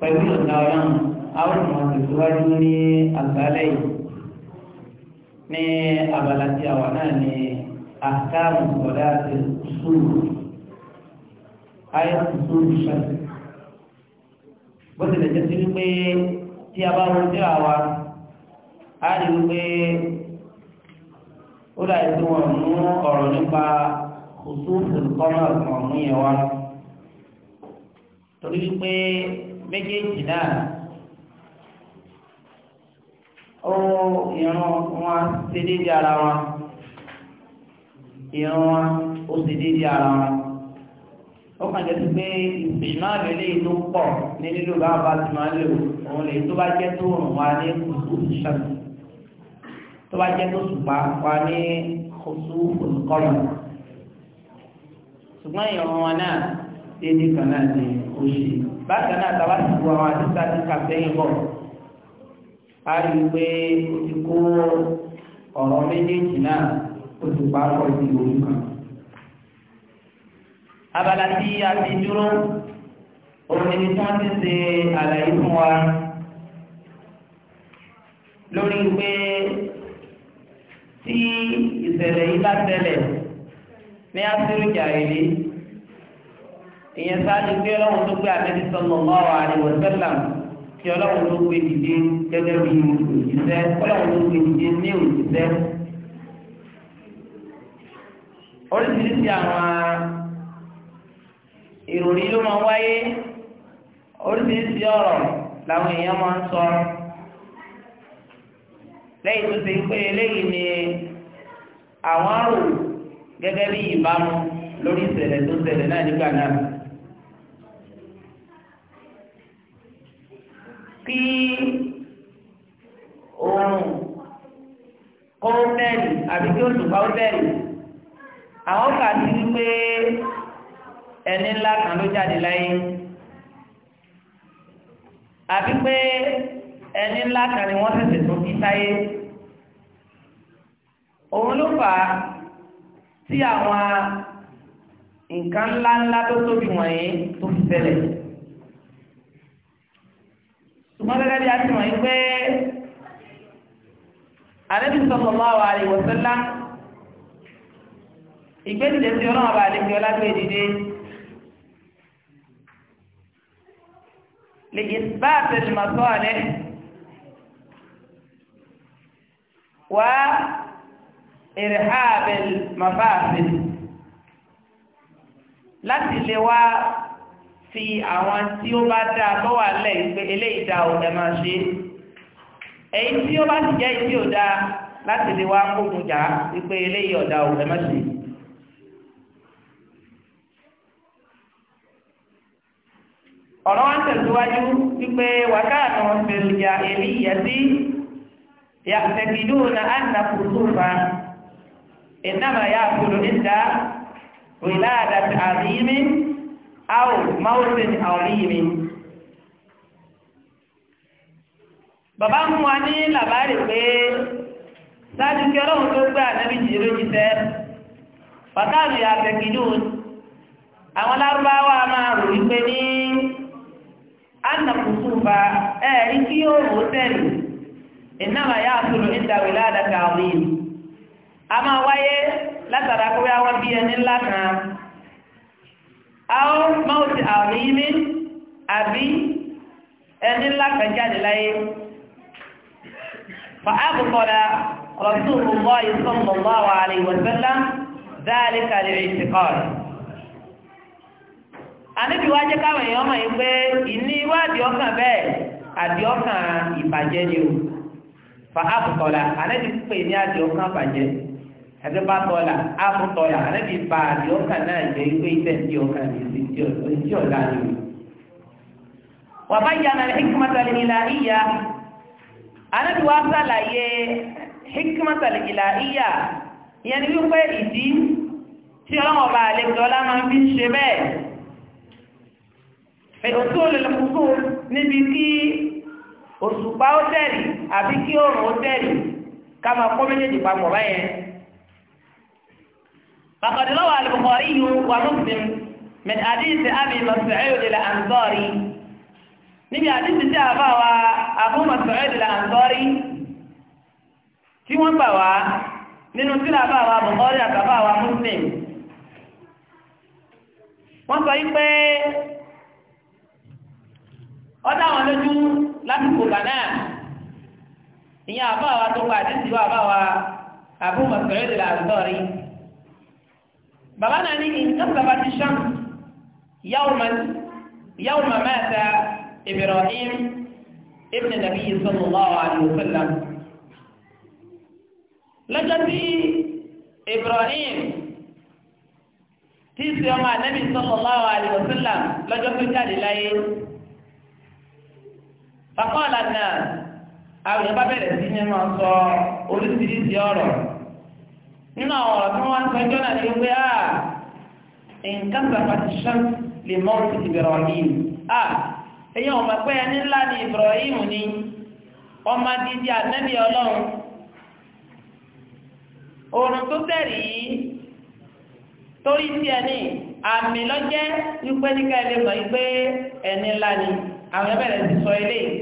pẹ̀lú ìlànà ọlọ́run àwọn ọmọ tẹ̀síwájú ní àgbálẹ̀ yìí ní abala tí a wà náà ní àkáàmù ọ̀dà àti sùúrù ayé sùúrù sẹ́yìn bó tilẹ̀ jẹ́ sí wípé tí a bá wọ́n sí àwa a lè wípé ó dà yìí tí mú ọ̀rọ̀ nípa kòtò ìkọ́mọ̀ yẹn wá torí wípé méjèèjì náà ó ìrun wọn ṣe déédéé ara wọn ìrun wọn ó ṣe déédéé ara wọn ó kàn jẹ́ pé ìṣúná lélẹ́ tó pọ̀ ní lílo bá bá ti máa lò òun lè tó bá jẹ́ tó rùn wá ní kùsùkùsù tó bá jẹ́ tó ṣùpá wá ní kùsùkùsù ṣùgbọ́n ìrun wọn náà déédéé kan náà ni ó ṣe bákan náà tàbá ti wo àwọn àdìsá ti kà sẹ́yìn bọ̀ a rí i pé o ti kó ọ̀rọ̀ méjèèjì náà o ti pa ọkọ̀ sí orí kan. abala tí a ti dúró òmìnir tí wọ́n ti ṣe àlàyé fún wa lórí pé tí ìṣẹ̀lẹ̀ yìí bá ṣẹlẹ̀ ní asírù yìí ìyẹn sáájú pé ọlọ́run tó gbé àmì sallallahu alaihi wasallam tí ọlọ́run tó gbé dìde gẹ́gẹ́ bí òjíṣẹ́ ọlọ́run tó gbé dìde ní òjíṣẹ́. oríṣiríṣi àwọn ìròyìn ló máa wáyé oríṣiríṣi ọ̀rọ̀ làwọn èèyàn máa ń sọ lẹ́yìn tó ṣe pé eléyìí ni àwọn àrò gẹ́gẹ́ bí ìbámu lórí ìṣẹ̀lẹ̀ tó ṣẹlẹ̀ náà nígbà náà. kí oòrùn kó bẹ́ẹ̀lì àbí kí oṣù bá bẹ́ẹ̀lì àwọn kà sí wípé ẹni ńlá kan ló jáde láyé àbí pé ẹni ńlá kan ni wọ́n ṣẹ̀ṣẹ̀ tó kí sáyé òun ló fà á tí àwọn nǹkan ńláńlá tó tóbi wọ̀nyí tó fi ṣẹlẹ̀ ṣùgbọ́n gẹ́gẹ́ bí a ti mọ̀ yí pé Ànábì sallallahu alaihi wasallam ìgbésìdè tí ọlọ́run bá lè fi ọlá gbé dìde lè bá àtẹnumọ̀ sọ ọ̀lẹ́ wá irhabil mafasid láti lè wá ti àwọn tí ó bá dáa bọ́ wà lẹ̀ pé eléyìí dáa ò ẹ̀ máa ṣe èyí tí ó bá ti jẹ́ ìdí ò dáa láti lè wá kókun jà wípé eléyìí ọ̀dà ò ẹ̀ máa ṣe. ọ̀rọ̀ wa ń tẹ̀síwájú wípé wákàtí wọn fèrè ya èmi ìyẹ́sí yàtẹ̀kìdúnà ànàkùsùfà ìnáma yà kúrò níta wìlà àdàtà àríyìn aw mawusin aurimi bàbá mú wa ní làbárì pé sáájú kí ọlọ́run tó gbé ànábì jìí lójú tẹ́ pàtàkì àtẹ̀kìdù àwọn lárúbáwá máa rò wípé ní anàkùsùfà ẹ̀ẹ́rí kí ó rò tẹ̀lé ìnáwà yá àtúrò nídàwé ládàkà àwọn èèyàn a máa wáyé látara kó wá wá bí ẹni ńlá kan àwọn mọ́ọ̀tì àwọn yìí àbí ẹni ńlá kan jáde láyé فأبطل رسول الله صلى الله عليه وسلم ذلك للاعتقاد Ànábì wá jẹ́ káwọn èèyàn mọ̀ pé ìní ìwádìí ọkàn bẹ́ẹ̀ àdìọ́kàn ìbàjẹ́ ni o. Fàábùkọ̀lá, ànábì pè ní àdìọ́kàn bàjẹ́. àti bàtọ́là àbùtọ́là àlẹ́bí bá àdì ọkàn náà jẹ́ ìwé iṣẹ́ tí ọkàn ní sí tí ọ̀la ni. wà bá yàrá hikmatal ilahiyya àlẹ́bí wa sàlàyé hikmatal ilahiyya ìyẹn ni wípé ìdí tí ọlọ́wọ́ bá àlejò ọlá máa fi ṣe bẹ́ẹ̀. ètò olùlọ́kùnkù níbi kí òṣùpá ó tẹ̀rì àbí kí òòrùn ó tẹ̀rì ká máa kọ́ méjèèjì papọ̀ báyẹn. فقد روى البخاري ومسلم من حديث أبي مسعود الأنصاري نبي حديث جاء أبو مسعود الأنصاري في وان بوا ننو سلا بوا بخاري أتبوا مسلم wọ́n sọ yìí pé ọdá àwọn lójú lásìkò gánà ìyẹn àbáwa tó pa àdéhùn àbáwa àbúmọ̀sọ̀rẹ́dẹ̀lá àdúgbò rí بغانا ني انتظر الشمس يوما يوم مات ابراهيم ابن النبي صلى الله عليه وسلم لجدي ابراهيم تيس يوم النبي صلى الله عليه وسلم لجدي تالي لاي فقال الناس أو يبابي لسيني ما صار أولي سيدي nínú àwọn ọ̀rọ̀ tí wọ́n ń sọ jọ́nà ní pé à nǹkan sàfàtìṣán lè mọ́ sí Ibrahim à ah, ẹ̀yìn ọmọ pé ẹni ńlá ni Ibrahim ni ọmọ dídí ànábì ọlọ́run òrùn tó tẹ̀rí yìí torí tí ẹni àmì lọ́jẹ́ wípé ní káyọ̀ lè mọ̀ wípé ẹni ńlá ni àwọn ẹbẹ̀rẹ̀ ti sọ eléyìí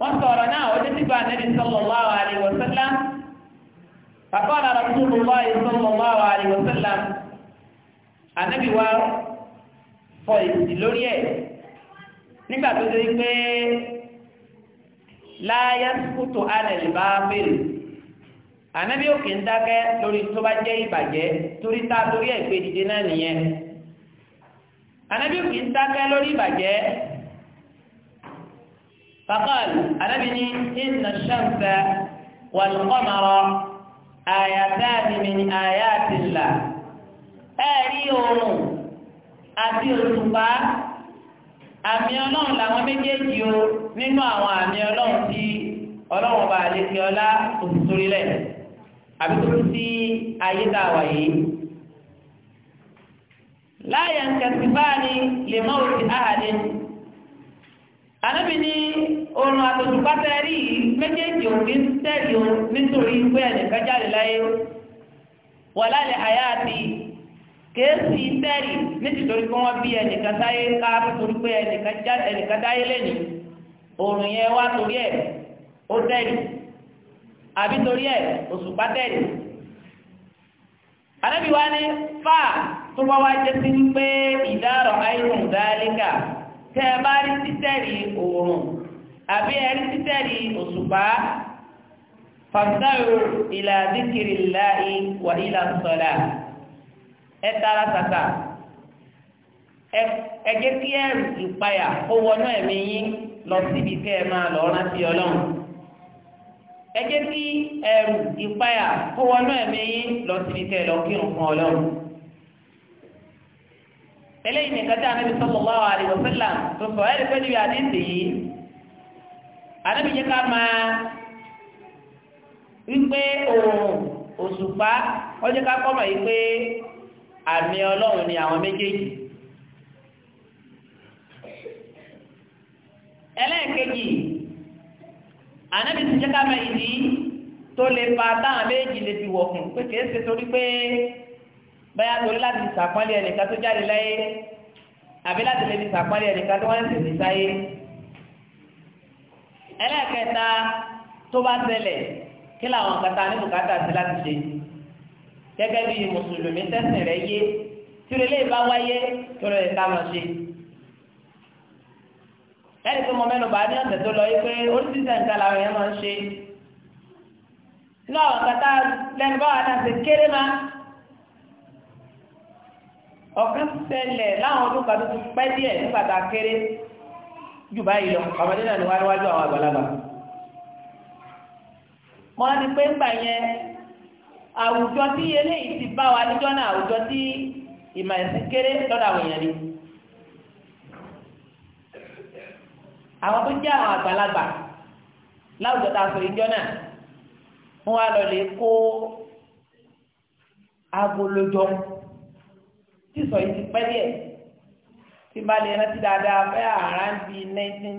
wọ́n sọ ọ̀rọ̀ náà ó dé sígbà ànábì sallallahu alaihi wasallam فقال رسول الله صلى الله عليه وسلم النبي wa fọ èsì lórí ẹ̀ nígbà tó dé pé láyé kútó alẹ́ bá bèrè ànábì òkè ń dákẹ́ lórí tó bá jẹ́ ìbàjẹ́ torí tá torí ẹ̀ pé dìde náà nìyẹn ànábì òkè ń dákẹ́ lórí ìbàjẹ́ فقال النبي إن الشمس والقمر àyàtáàdì min àyàtìlà ẹ̀rí oòrùn àti òṣùpá àmì ọlọ́run làwọn méjèèjì o nínú àwọn àmì ọlọ́run tí ọlọ́run bá lè fi ọlá òṣùṣòrí lẹ̀ àbí tó ti sí ayé tá a wà yìí. láyà ń kẹsì báà lè mọ́ òsì áhàdé Ànábì ní oorun àtòjùpátẹ́ rí méjèèjì òbí ń tẹ̀lé o nítorí pé ẹnìkan jáde láyé wà lálẹ́ àyà àti kéésì tẹ́rì nítorí pé wọ́n bí ẹnìkan sáyé ká torí ni ẹnìkan dáyé lẹ́nu oorun yẹn wá torí ẹ̀ ó tẹ́rì àbí torí ẹ̀ òṣùpá tẹ́rì. Ànábì wa ní fáà tó wá wá jẹ́ sí wípé ìdárọ̀ àìsàn dáálíkà tẹ́ ẹ bá rí títẹ̀rì òòrùn àbí ẹ rí títẹ̀rì òṣùpá fàtàrù ìlà díkìrì láì wà ìlà sọ̀là ẹ tara tata ẹ jẹ́ kí ẹrù ìpayà ó wọnú ẹ̀mí yín lọ síbi kẹ́ ẹ máa lọ rántí ọlọ́run ẹ jẹ́ kí ẹrù ìpayà ó wọnú ẹ̀mí yín lọ síbi kẹ́ ẹ lọ kírun fún ọlọ́run. eléyìí nìkan tí anabi sallallahu alaihi wa sallam tó sọ ẹ́ rẹ̀ pé níbi yìí anabi yẹ ká máa wípé òòrùn òṣùpá ọjọ́ ká kọ́ mọ̀ àmì ọlọ́run ni àwọn méjèèjì. ẹlẹ́ẹ̀kejì ká máa tó lè fa táwọn méjì lè fi wọ̀kùn pé kìí ṣe torí báyà torí láti sàpọ́nlé ẹnìkan tó jáde láyé àbí láti lè fi sàpọ́nlé ẹnìkan tó wọ́n ń sèse sáyé ẹlẹ́ẹ̀kẹta tó bá ṣẹlẹ̀ kí làwọn kata ní bùkátà sí láti ṣe gẹ́gẹ́ bí mùsùlùmí tẹ̀sìn rẹ̀ yé tí ilé ìbá wáyé tó lè ká lọ ṣe ẹni tó mọ mẹ́nu bá ní ọ̀sẹ̀ tó lọ yí pé oríṣiríṣi nǹkan làwọn èèyàn máa ń ṣe náà kata lẹ́nu báwa náà ṣe kéré máa ọ̀kan ṣẹlẹ̀ láwọn ọdún kan tó ti pẹ́ díẹ̀ nígbà tá a kéré jù báyìí lọ ọmọdé náà ni wá níwájú àwọn àgbàlagbà mo rántí pé ńgbà yẹn àwùjọ tí eléyìí ti bá wa níjọ́ náà àwùjọ tí ìmọ̀ ẹ̀sìn kéré lọ́dọ̀ àwọn èèyàn ni àwọn tó jẹ́ àwọn àgbàlagbà láwùjọ tá a sọ ìjọ náà wọ́n wá lọ lè kó agolojọ́ tí sọ yìí ti pẹ́ díẹ̀ tí bá lè rántí dáadáa fẹ́ àrán bí nineteen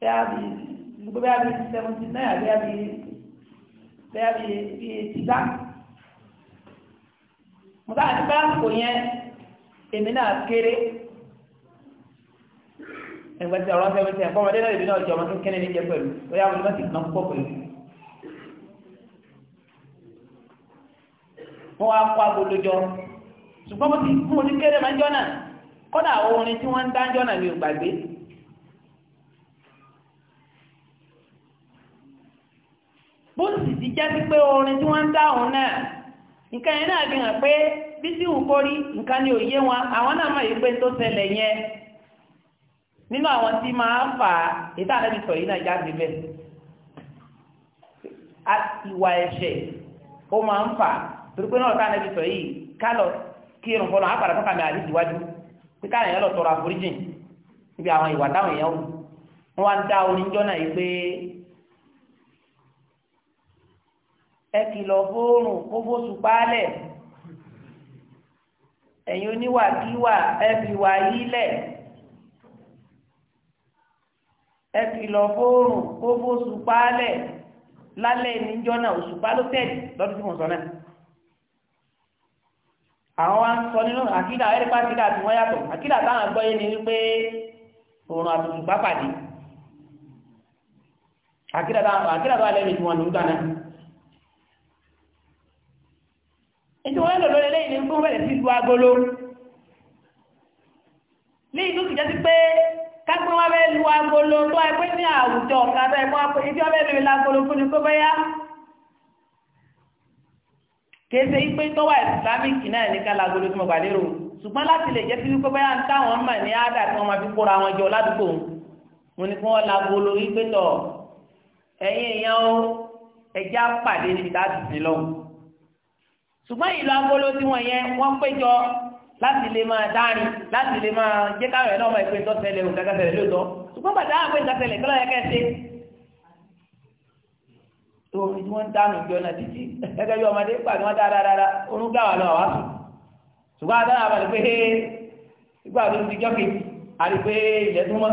bẹ́ẹ̀ bí gbogbo bẹ́ẹ̀ bí seventy nine àbí bí bẹ́ẹ̀ bí bí eighty gbá. mo sáà ti pẹ́ àsìkò yẹn èmi náà kéré ẹgbẹ́ tí ọ̀rọ̀ seventy ẹ̀ fọ́mọdé náà èmi náà jọ ọmọ tó kẹ́ni ní jẹ pẹ̀lú ó yà wọlé má ti kàn púpọ̀ pẹ̀lú. wọ́n wá kó agolójọ ṣùgbọ́n mo ti mo jọ orin tí wọ́n ń mi ò gbàgbé. bó sì ti sí pé orin tí wọ́n ń dá òun náà nǹkan yẹn náà fi hàn pé bí sí nǹkan ni wọn àwọn náà pé tó ṣẹlẹ̀ yẹn nínú àwọn tí máa ń fà á ètò yìí náà jáde bẹ́ẹ̀ ìwà ẹ̀ṣẹ̀ torípé náà táà nẹ́bí sọ yìí kálọ̀ kí irun fọlọ́ àpàdé fún kàmí àdìsí wájú pé káàrin yẹn lọ tọrọ àforíjì níbi àwọn ìwà táwọn èèyàn wù wọn wá ń dá oníjọ́ náà yìí pé ẹ kìlọ̀ fóònù kó fóṣù paálẹ̀ ẹ̀yin oníwàkíwà ẹ fi wà yílẹ̀ ẹ kìlọ̀ fóònù kó fóṣù paálẹ̀ lálẹ́ níjọ́ náà òṣùpá ló tẹ̀lé lọ́dún tí mo sọ náà àwọn wa ń sọ nínú àkídà ẹ̀rí pa àkídà tí wọ́n yàtọ̀ àkídà táwọn gbọ́ yé ni wípé òòrùn àtùtùpá pàdé àkídà táwọn alẹ́ méjì wọn ló ń gbà náà ètò wọn lò lórí eléyìí ni fún bẹ̀rẹ̀ sí ìlú agolo ní ìlú kìjẹ́ sí pé kápẹ́ wọn bẹ́ẹ̀ lu agolo tó ẹgbẹ́ ní àwùjọ kan tó ẹgbẹ́ ibi wọn bẹ́ẹ̀ lu agolo fún ni kó bẹ́ẹ̀ yá kése ipe tọ́wà islamic náà ní kálagolo tí mo gbà lérò ṣùgbọ́n láti lè jẹ́ sí wípé báyà ń táwọn mọ̀ ní ádà tí wọ́n máa fi kóra wọn jọ ládùúgbò mo ní kí wọ́n lagolo ipe tọ̀ ẹ̀yin èèyàn o ẹja pàdé níbi tá a ti sìn lọ. ṣùgbọ́n ìlú agolo tí wọ́n yẹn wọ́n péjọ láti lè máa dárin láti lè máa jẹ́ káwọn ẹ̀ náà máa ìpè tọ́sẹ̀lẹ̀ òǹkà tó omi tí wọ́n ń dánù ìjọ náà títí gẹ́gẹ́ bí ọmọdé pàdé wọn dáadáa oorun gbà wà lọ àwọn àtò ṣùgbọ́n àdáná àbàlẹ̀ pé ìgbà tó ti jọ́ kejì àti pé ilẹ̀ tó mọ́.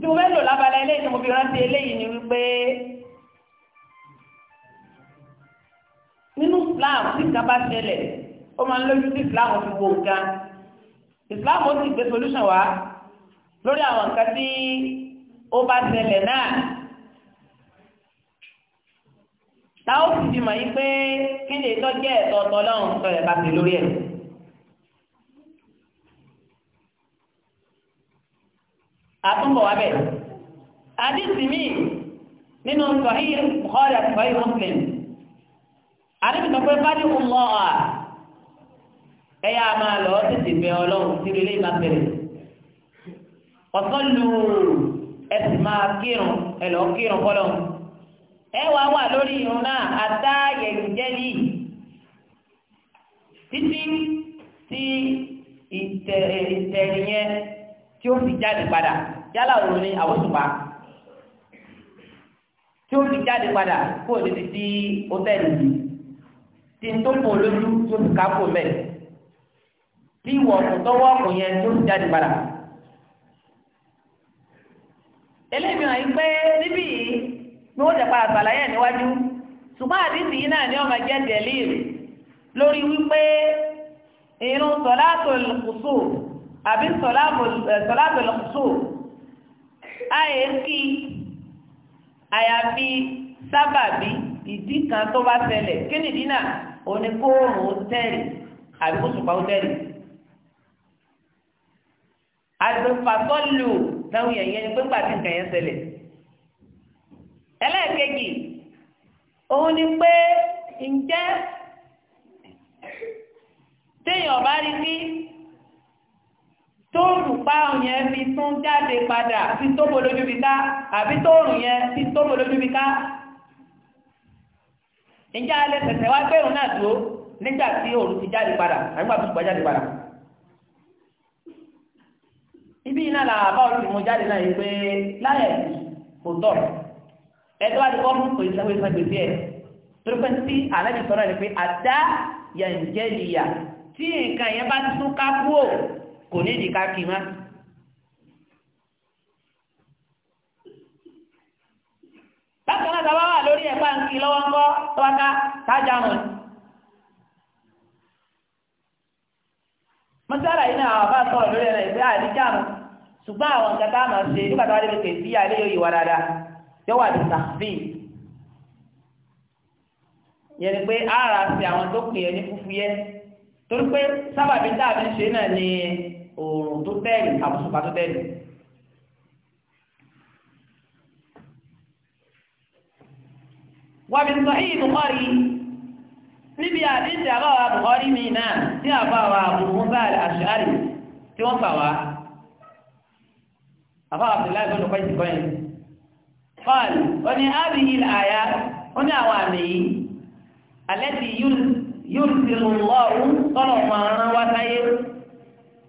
tí mo fẹ́ lò lábala eléyìí tí mo fi rántí eléyìí ni wípé nínú Islam tí nǹkan bá ṣẹlẹ̀ ó máa ń lójú tí Islam fi wo nǹkan Islam ó sì gbé solution wá lórí àwọn nǹkan tí ó bá ṣẹlẹ̀ náà. táwọn sì ti mọ̀ yí pé kí ni ètò jẹ́ ẹ̀tọ́ ọlọ́run sọ̀rọ̀ bá ti lórí ẹ̀. àtúnbọ̀ wa bẹ̀. àdìsí mi nínú sọ̀hí Bukhari àti sọ̀hí Muslim. àdìsí sọ pé bájú ń lọ ọ̀ ẹ yá máa lọ tètè bẹ ọlọ́run sí ilé ìgbà bẹ̀rẹ̀. ọ̀sán lu ẹ̀sìn máa kírun ẹ̀ kírun kọ́lọ́run ẹ wàá wà lórí irun náà àtá yẹ̀lùjẹ́lì títí tí ìtẹ̀rì yẹn tí ó fi jáde padà yálà òun ni àwòsùpá tí ó fi jáde padà kó o ti di hòtẹ́ẹ̀lì yìí tí n tó kó o lójú tó fi ká kó mẹ́ẹ̀ tí ìwọ̀ ọ̀kùn tọ́wọ́ ọ̀kùn yẹn tó fi jáde padà. eléyìí hàn pé níbí yìí ní wọ́n tẹ̀pa àgbàláyẹ̀ níwájú ṣùgbọ́n àdìsí yìí náà ni ọmọ jẹ́ dẹ̀líìrì lórí wípé irun sọ̀látòl kùsù àbí sọ̀látòl kùsù àyè kí àyàfi sábàbí ìdí kan tó bá ṣẹlẹ̀ kí nìdí náà òní kóòrùn tẹ̀lì àbí kó ṣùpá ó tẹ̀lì. àgbẹ̀fà sọ́lù náà yẹ̀yẹ́ ni pé pàtí nǹkan yẹn ṣẹlẹ̀ ẹlẹ́ẹ̀kejì òun ni pé ǹjẹ́ téèyàn bá rí sí tóòrù páàrùn yẹn fi tún jáde padà sí tóbo lójú bí ká àbí tóòrù yẹn sí tóbo lójú bí ká ǹjẹ́ alẹ́ tẹ̀tẹ̀ wá pé òun náà dúró nígbà tí òun ti jáde padà àgbà tó gbà jáde padà ibi iná làbá òun ti mú jáde náà yìí pé láyẹ̀ kò tọ̀ ẹ̀tọ́ àdúgbò mú kò ìsanwó ìsan gbèsè ẹ̀ torí pé tí aláàbì sọ̀rọ̀ rẹ̀ pé àdá yànjẹ́lìyà tí nǹkan yẹn bá tún ká kúò kò ní ìdí ká kì má. bákan náà sábà wà lórí ẹ̀fà ń kí lọ́wọ́ ńkọ́ tọ́ka tájà mọ̀. mọ́sálà yìí náà àwọn bá sọ̀rọ̀ ṣùgbọ́n àwọn nǹkan máa ṣe nígbà tó wá dé pé kèsì àléyò ìwà dáadáa yóò wà ní tàfíì yẹn ni pé ara ṣe àwọn tó pè é ní fúfúyẹ́ torí pé sábàbí dàbí ṣe náà ni oòrùn tó tẹ̀lé àbùsùpá tó tẹ̀lé. wàbí sọ́yìn Bukhari níbi àdéhùn àbáwá Bukhari mi náà tí àbáwá àbùmúsà àṣàárì tí wọ́n fà wá àbáwá Abdullahi bẹ́ẹ̀ ló ìdíkọ́ yẹn. قال وني هذه الآيات هنا وامي التي يرسل الله صلى الله عليه وسلم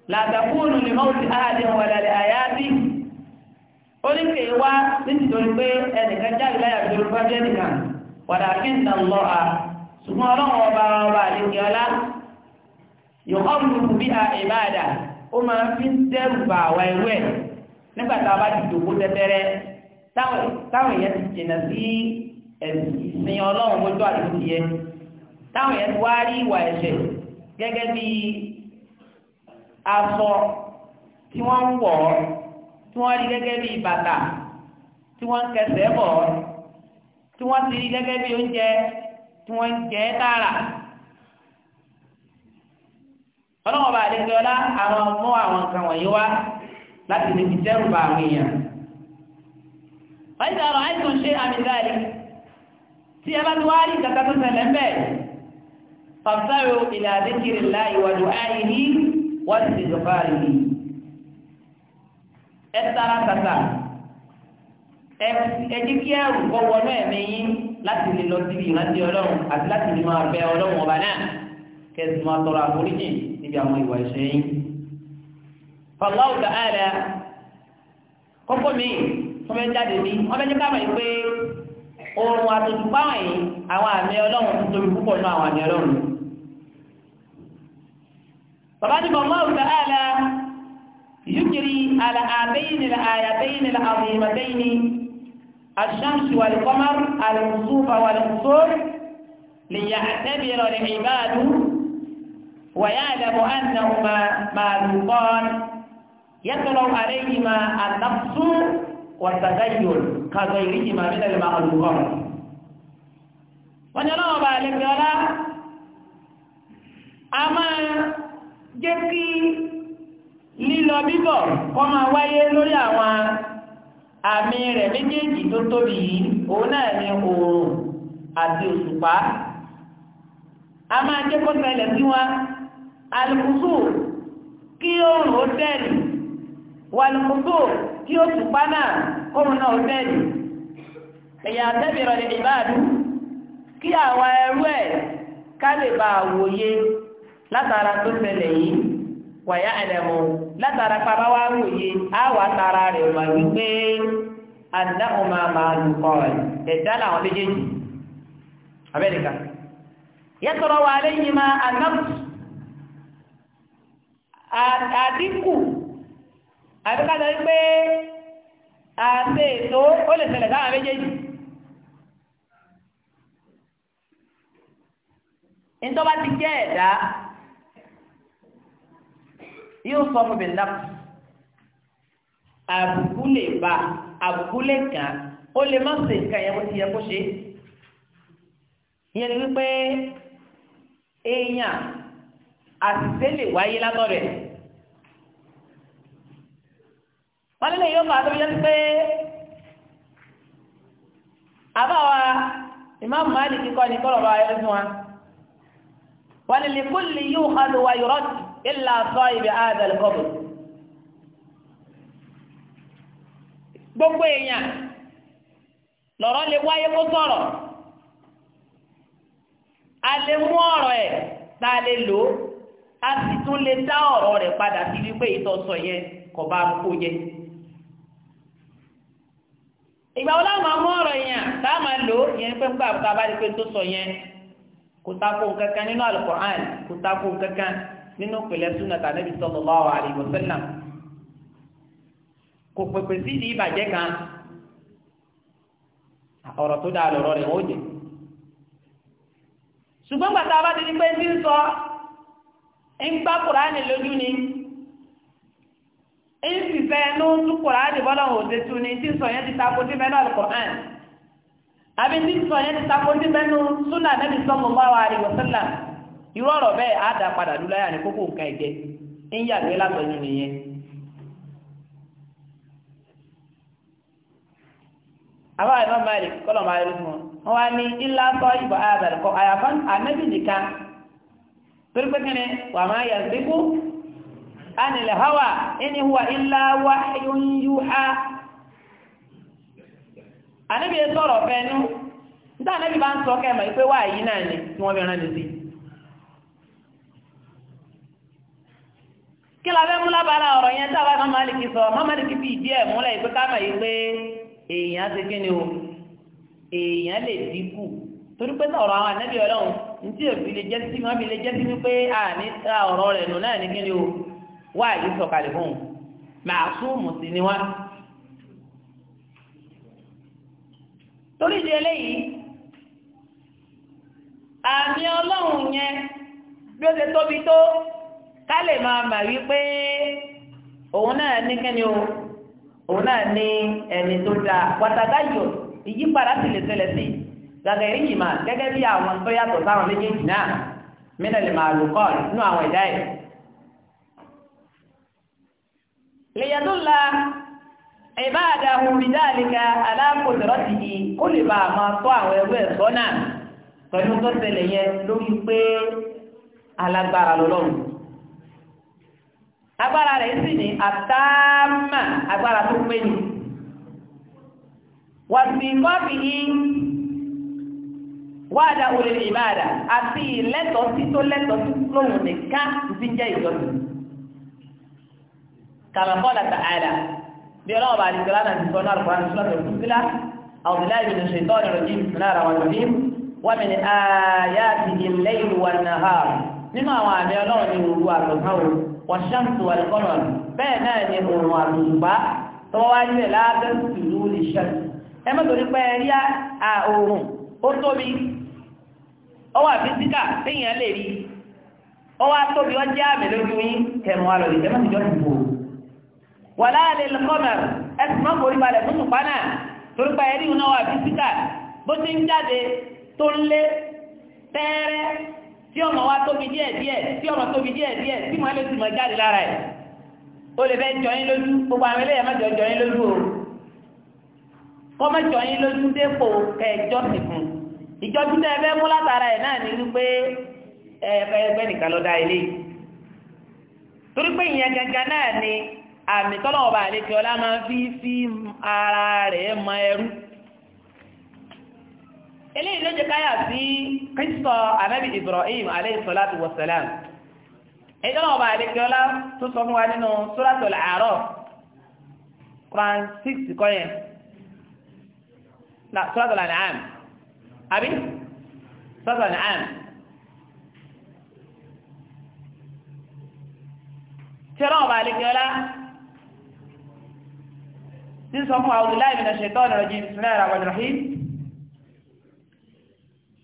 لا تكون لموت أحد ولا لآياته oníkè wá nítorí pé ẹnìkan jáde láyà torí pàdé nìkan wàdà kí n nà lọ à ṣùgbọ́n ọlọ́run ọba ọba àdéhùn ọlá yọ̀ọ́rùn-ún bí a ìbáàdà ó máa fi ń dẹ́rù bà wá ẹrú ẹ̀ nígbà tá a bá ti dòkó tẹ́tẹ́rẹ́ táwọn táwọn èèyàn ti jìnnà sí ìsìn ọlọ́run mójú àdúgbò táwọn èèyàn ti wá rí ìwà ẹ̀ṣẹ̀ gẹ́gẹ́ bí aṣọ tí wọ́n ń wọ̀ ọ́ tí wọ́n rí gẹ́gẹ́ bí bàtà tí wọ́n ń kẹsẹ̀ bọ̀ ọ́ tí wọ́n ti rí gẹ́gẹ́ bí oúnjẹ tí wọ́n ń jẹ tààrà ọlọ́run bá àdéhùn ọlá àwọn mú àwọn nǹkan wọ̀nyí wá láti lè fi dẹ́rù bá àwọn èèyàn fàyídà ọ̀rọ̀ àìsàn ṣe àmì ìdáàlì tí ẹ bá ti wá rí kàkà tó ṣẹlẹ̀ mbẹ́ fàbísáyò ìlà àdékiri ńlá ìwàdù àìní wọ́n ti ṣe ìjọba àìní. ẹ tara kàkà ẹ jí kí ẹrù kọ wọnú ẹ̀mí yín láti lè lọ síbi ìrántí ọlọ́run àti láti lè máa bẹ ọlọ́run ọba náà kẹsì máa tọrọ àforíjì níbi àwọn ìwà ìṣẹ́yìn. fàlọ́ wọ́n fẹ́ jáde ní wọ́n fẹ́ jẹ́ ká mọ̀ pé oorun àtòjú báwọn yìí àwọn àmì ọlọ́run tó tóbi púpọ̀ nú àwọn àmì ọlọ́run. bàbá ti bọ̀ mọ́ àlà yúkiri àlà àbẹ́yìn nílà àyàbẹ́yìn nílà àbẹ́yìn الشمس والقمر الوصوف والقصور ليعتبر العباد ويعلم أنهما معلوقان يطلع عليهما النفس wàtàdáyòn kàgbọ̀ ìríjì máa nílẹ̀ lè máa lùkọ́ wọn ni ọlọ́wọ́ bá lè fi ọlá a máa jẹ́ kí lílọ bíbọ̀ kọ́ máa wáyé lórí àwọn àmì rẹ̀ méjèèjì tó tóbi yìí òun náà ni oòrùn àti òṣùpá a máa jẹ́ kó ṣẹlẹ̀ sí wọn alùpùpù kí oòrùn ó tẹ̀lé wàlùkùtù kí ó tùpá náà kóhun náà bẹ́ẹ̀lì ẹ̀yà tẹ́bìrọ̀ lè ìbáàdù kí àwa ẹrú ẹ̀ ká lè bá wòye látara tó ṣẹlẹ̀ yìí wàyà ẹ̀lẹ́mọ̀ látara pàbá wa wòye àwa tara rẹ̀ wà wípé àdáhùn máa lùkọ́ ẹ̀dá làwọn méjèèjì Amẹ́ríkà yẹ́tọ̀rọ̀ wà lẹ́yìn máa àdínkù àbíkájọ wípé àti ètò ó lè ṣẹlẹ̀ sáwọn méjèèjì ìtọ́ba ti jẹ́ ẹ̀dá yóò sọ ọmọ bẹ̀rẹ̀ náà àbùkù lè bá àbùkù lè kàn ó lè má ṣe nǹkan yẹn bó ti yẹ kó ṣe ìyẹn ni wípé èèyàn àṣìṣe lè wáyé látọ̀rẹ̀. wọ́n nílé yóò máa tóbi jẹ́ pé àbáwa ìmáàmù máàlì kíkọ́ ni kọ́lọ̀ bá yẹ fún wa wọ́n nílé kúlì yóò hàlù wa yọ̀rọ̀ ìlà sọ ibi àádọ́lù kọ́bù gbogbo èèyàn lọ́rọ̀ lè wáyé kó sọ̀rọ̀ a lè mú ọ̀rọ̀ ẹ̀ tá a lè lò a sì tún lè dá ọ̀rọ̀ rẹ̀ padà sí wípé ìtọ́sọ yẹn kò bá kó yẹ ìgbà wọn láwọn máa mú ọ̀rọ̀ yẹn tá a máa lò yẹn pé nípa àbúkà bá rí pé tó sọ yẹn kò tako kankan nínú alukur'an kò tako kankan nínú pèlè sunata nabi sallallahu alaihi wasallam kò pèpè sí ìdí ìbàjẹ́ kan ọ̀rọ̀ tó dáa lọ́rọ̀ rẹ̀ wọ́n jẹ́ ṣùgbọ́n gbàtà bá ti di pé ń sọ ń gbá kùránì lójú ni. ìsì fẹ́ ló ń àdìbọ́lọ̀ ni tí sọ yẹn ti ta kóńtì mẹ́nu alukur'an àbí tí sọ yẹn ti ta kóńtì mẹ́nu súnà nẹ́bí sọ́mu bá wa àríwọ̀ sílà irú ọ̀rọ̀ bẹ́ẹ̀ á dà padà dúró láyà ní kókó nǹkan ẹ̀jẹ̀ ń yàgbé látọ̀yún nìyẹn. àbá ìmọ̀ máàlì kọ́lọ̀ máa rí sọ ayàbẹ̀rẹ̀ kọ́ عن الهوى a هو إلا وحي يوحى Ànábì ha fẹ́nu níta Ànábì bá ń nke ni la fẹ́ mú a bá kan máàlìkì sọ máàlìkì fi ìdí ẹ̀ múlẹ̀ ìpé kámọ̀ yìí pé èèyàn ti kí ni o èèyàn lè dínkù torí pé ọ̀rọ̀ àwọn Ànábì Ọlọ́run ní tí òbí lè wá àyè sọ̀kalẹ̀ fún un màásùmù sí ni wá. torí di eléyìí àmì ọlọ́run yẹn bí ó ṣe tóbi tó ká lè máa mà wípé òun náà ní kíni o òun náà ní ẹni tó dáa pàtàkì ayò ìyípadà sì lè ṣẹlẹ̀ sí gàgà ìrìnyìmá gẹ́gẹ́ bí àwọn tó yàtọ̀ sáwọn méjèèjì náà mínà lè máa lò kọ́ọ̀lù nínú àwọn ẹ̀dá yìí. lèyàdúlà ìbáàdà òmìdáàlìkà aláàkóṣèrọ́tìkì kó lè bá a máa tọ́ àwọn ẹgbẹ́ ẹ̀sọ́ náà pẹ̀lú tó ṣẹlẹ̀ yẹn lórí pé alágbára lọ́lọ́run agbára rẹ̀ sì ní àtàmà agbára tó pé ní wàsí kọ́fì yìí wáàdà olè ìbáàdà àti ìlẹ́tọ̀ọ́sí tó lẹ́tọ̀ọ́sí lóhùn nìkan ti ń jẹ́ ìjọsìn كما قال تعالى بيقولوا بعد الكلام عن سورة القرآن سورة الفصلة أو بالله من الشيطان الرجيم بسم الله الرحمن الرحيم ومن آياته الليل والنهار مما وعملوا من وضوء الظهر والشمس والقمر بينان وعملوا tọwájú ẹ̀ lábẹ́sù lórí ṣẹ́lú ẹmọ́tòrí pẹ́ rí àòrùn ó tóbi ó wà físíkà téèyàn lè rí ó wá tóbi ó jẹ́ àmì lójú yín kẹmọ́ alòdì ẹmọ́tòjọ́ ìbò wàlá àlè lọ́mọ̀r ẹ̀sìn máa ń borí balẹ̀ fún ṣùgbọ́n náà torí pa ẹ̀rí iná wà bí síkà bó ti ń jáde tó ń lé tẹ́ẹ́rẹ́ tí ọmọ wa tóbi díẹ̀ díẹ̀ tí ọmọ tóbi díẹ̀ díẹ̀ tí mo lè sì mọ̀ jáde lára ẹ̀ o lè fẹ́ jọ yín lójú gbogbo àwọn eléyàá má jọ jọ yín lójú o kọ́ má jọ yín lójú dépò kẹjọ́ sì fún ìjọ́jú tẹ́ ẹ fẹ́ mú látara ẹ̀ náà ní wípé ẹ̀ẹ́fẹ́ nìkan ló dá ilé torí pé ìyẹn gangan náà ni àmì tọ́lọ̀ ọba àlékẹ́ ọlá máa fi fi ara rẹ̀ ma ẹrú eléyìí ló jẹ káyà sí kírísítọ̀ Ibrahim alayhi salatu wa ọba àlékẹ́ ọlá tó sọ fún wa nínú sísọ fún àwọn ìlànà ìrìnà ṣètọ́ ọ̀nà rẹ̀ jìnnì sílẹ̀ ìràwọ̀ ìrọ̀hìm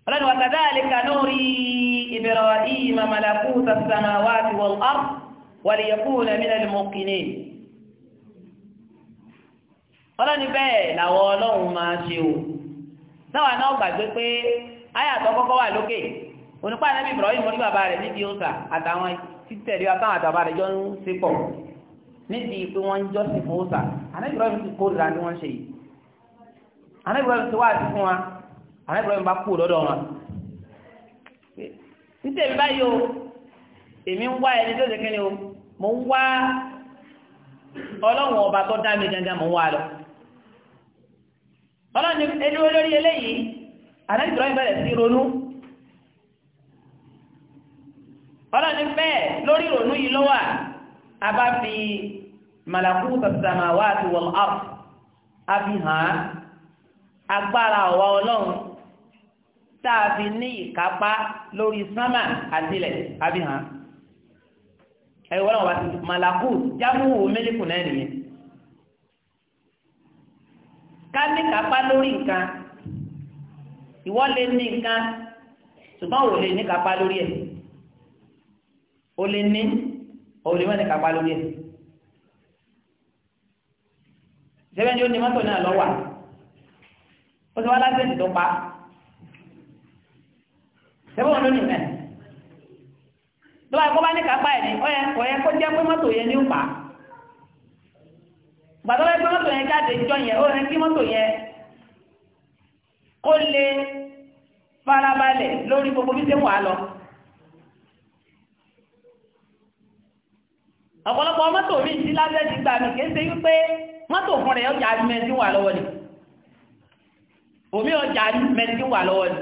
ọlọ́ni wa kadhalika nuri Ibrahima malakuta as-samawati wal-ard wa liyakuna mina al-muqinin ọlọ́ni bẹ́ẹ̀ làwọn ọlọ́run máa ṣe o táwa náà gbàgbé pé ayàtọ̀ kọ́kọ́ wà lókè onípa ànábì Ibrahim oníbàbá rẹ̀ nídìí òòsà àtàwọn títẹ̀lé àtàwọn àtàbà rẹ̀ jọ ń ṣe pọ̀ níbi pé wọ́n ń jọ́sìn fún òòsà anábìrọ̀ yìí ti kórìíra ni wọ́n ń ṣe yìí anábìrọ̀ yìí ti wá àti fún wa anábìrọ̀ yìí bá kú lọ́dọ̀ wọn. nítèmi báyìí o èmi ń wá ẹni tó ṣe kíni o mò ń wá ọlọ́run ọba tó dá mi gangan mò ń wá lọ. ọlọ́run ẹni olórí eléyìí anábìrọ̀ yìí bẹ̀rẹ̀ sí ronú. ọlọ́run bẹ́ẹ̀ lórí ronú yìí lọ́wọ́ àbá fi malakuta samawati wal ard àfihàn agbára ọ̀wá ọlọ́run tá a fi ní ìkápá lórí sánmà àtìlẹ̀ àfihàn ẹ̀rọ wọn wá sí malakut jámù omelikù náà nìyẹn ká ní ìkápá lórí nǹkan ìwọ lè ní nǹkan ṣùgbọ́n ò lè ní ìkápá lórí ẹ̀ o lè ní o lè má ní ìkápá lórí ẹ̀. sẹ́fẹ̀ ní ó ní mọ́tò náà lọ́wọ́ ó ti wá lásìkò tó pa sẹ́fẹ̀ wọn ló ní mẹ́ tó bá kó bá ní kápá ẹ̀ ní ọ̀yẹ ọ̀yẹ kó jẹ́ pé mọ́tò yẹn ní ó pa gbàtọ́ bá gbé mọ́tò yẹn jáde jọ yẹn ó rẹ kí mọ́tò yẹn kó lè farabalẹ̀ lórí gbogbo bí sẹ́wọ̀n á lọ. ọ̀pọ̀lọpọ̀ mọ́tò mi ti lábẹ́ ti gbà mí kéde wípé mọ́tò fún rẹ̀ ọjà mẹ́rin wà lọ́wọ́ ni omi ọjà mẹ́rin wà lọ́wọ́ ni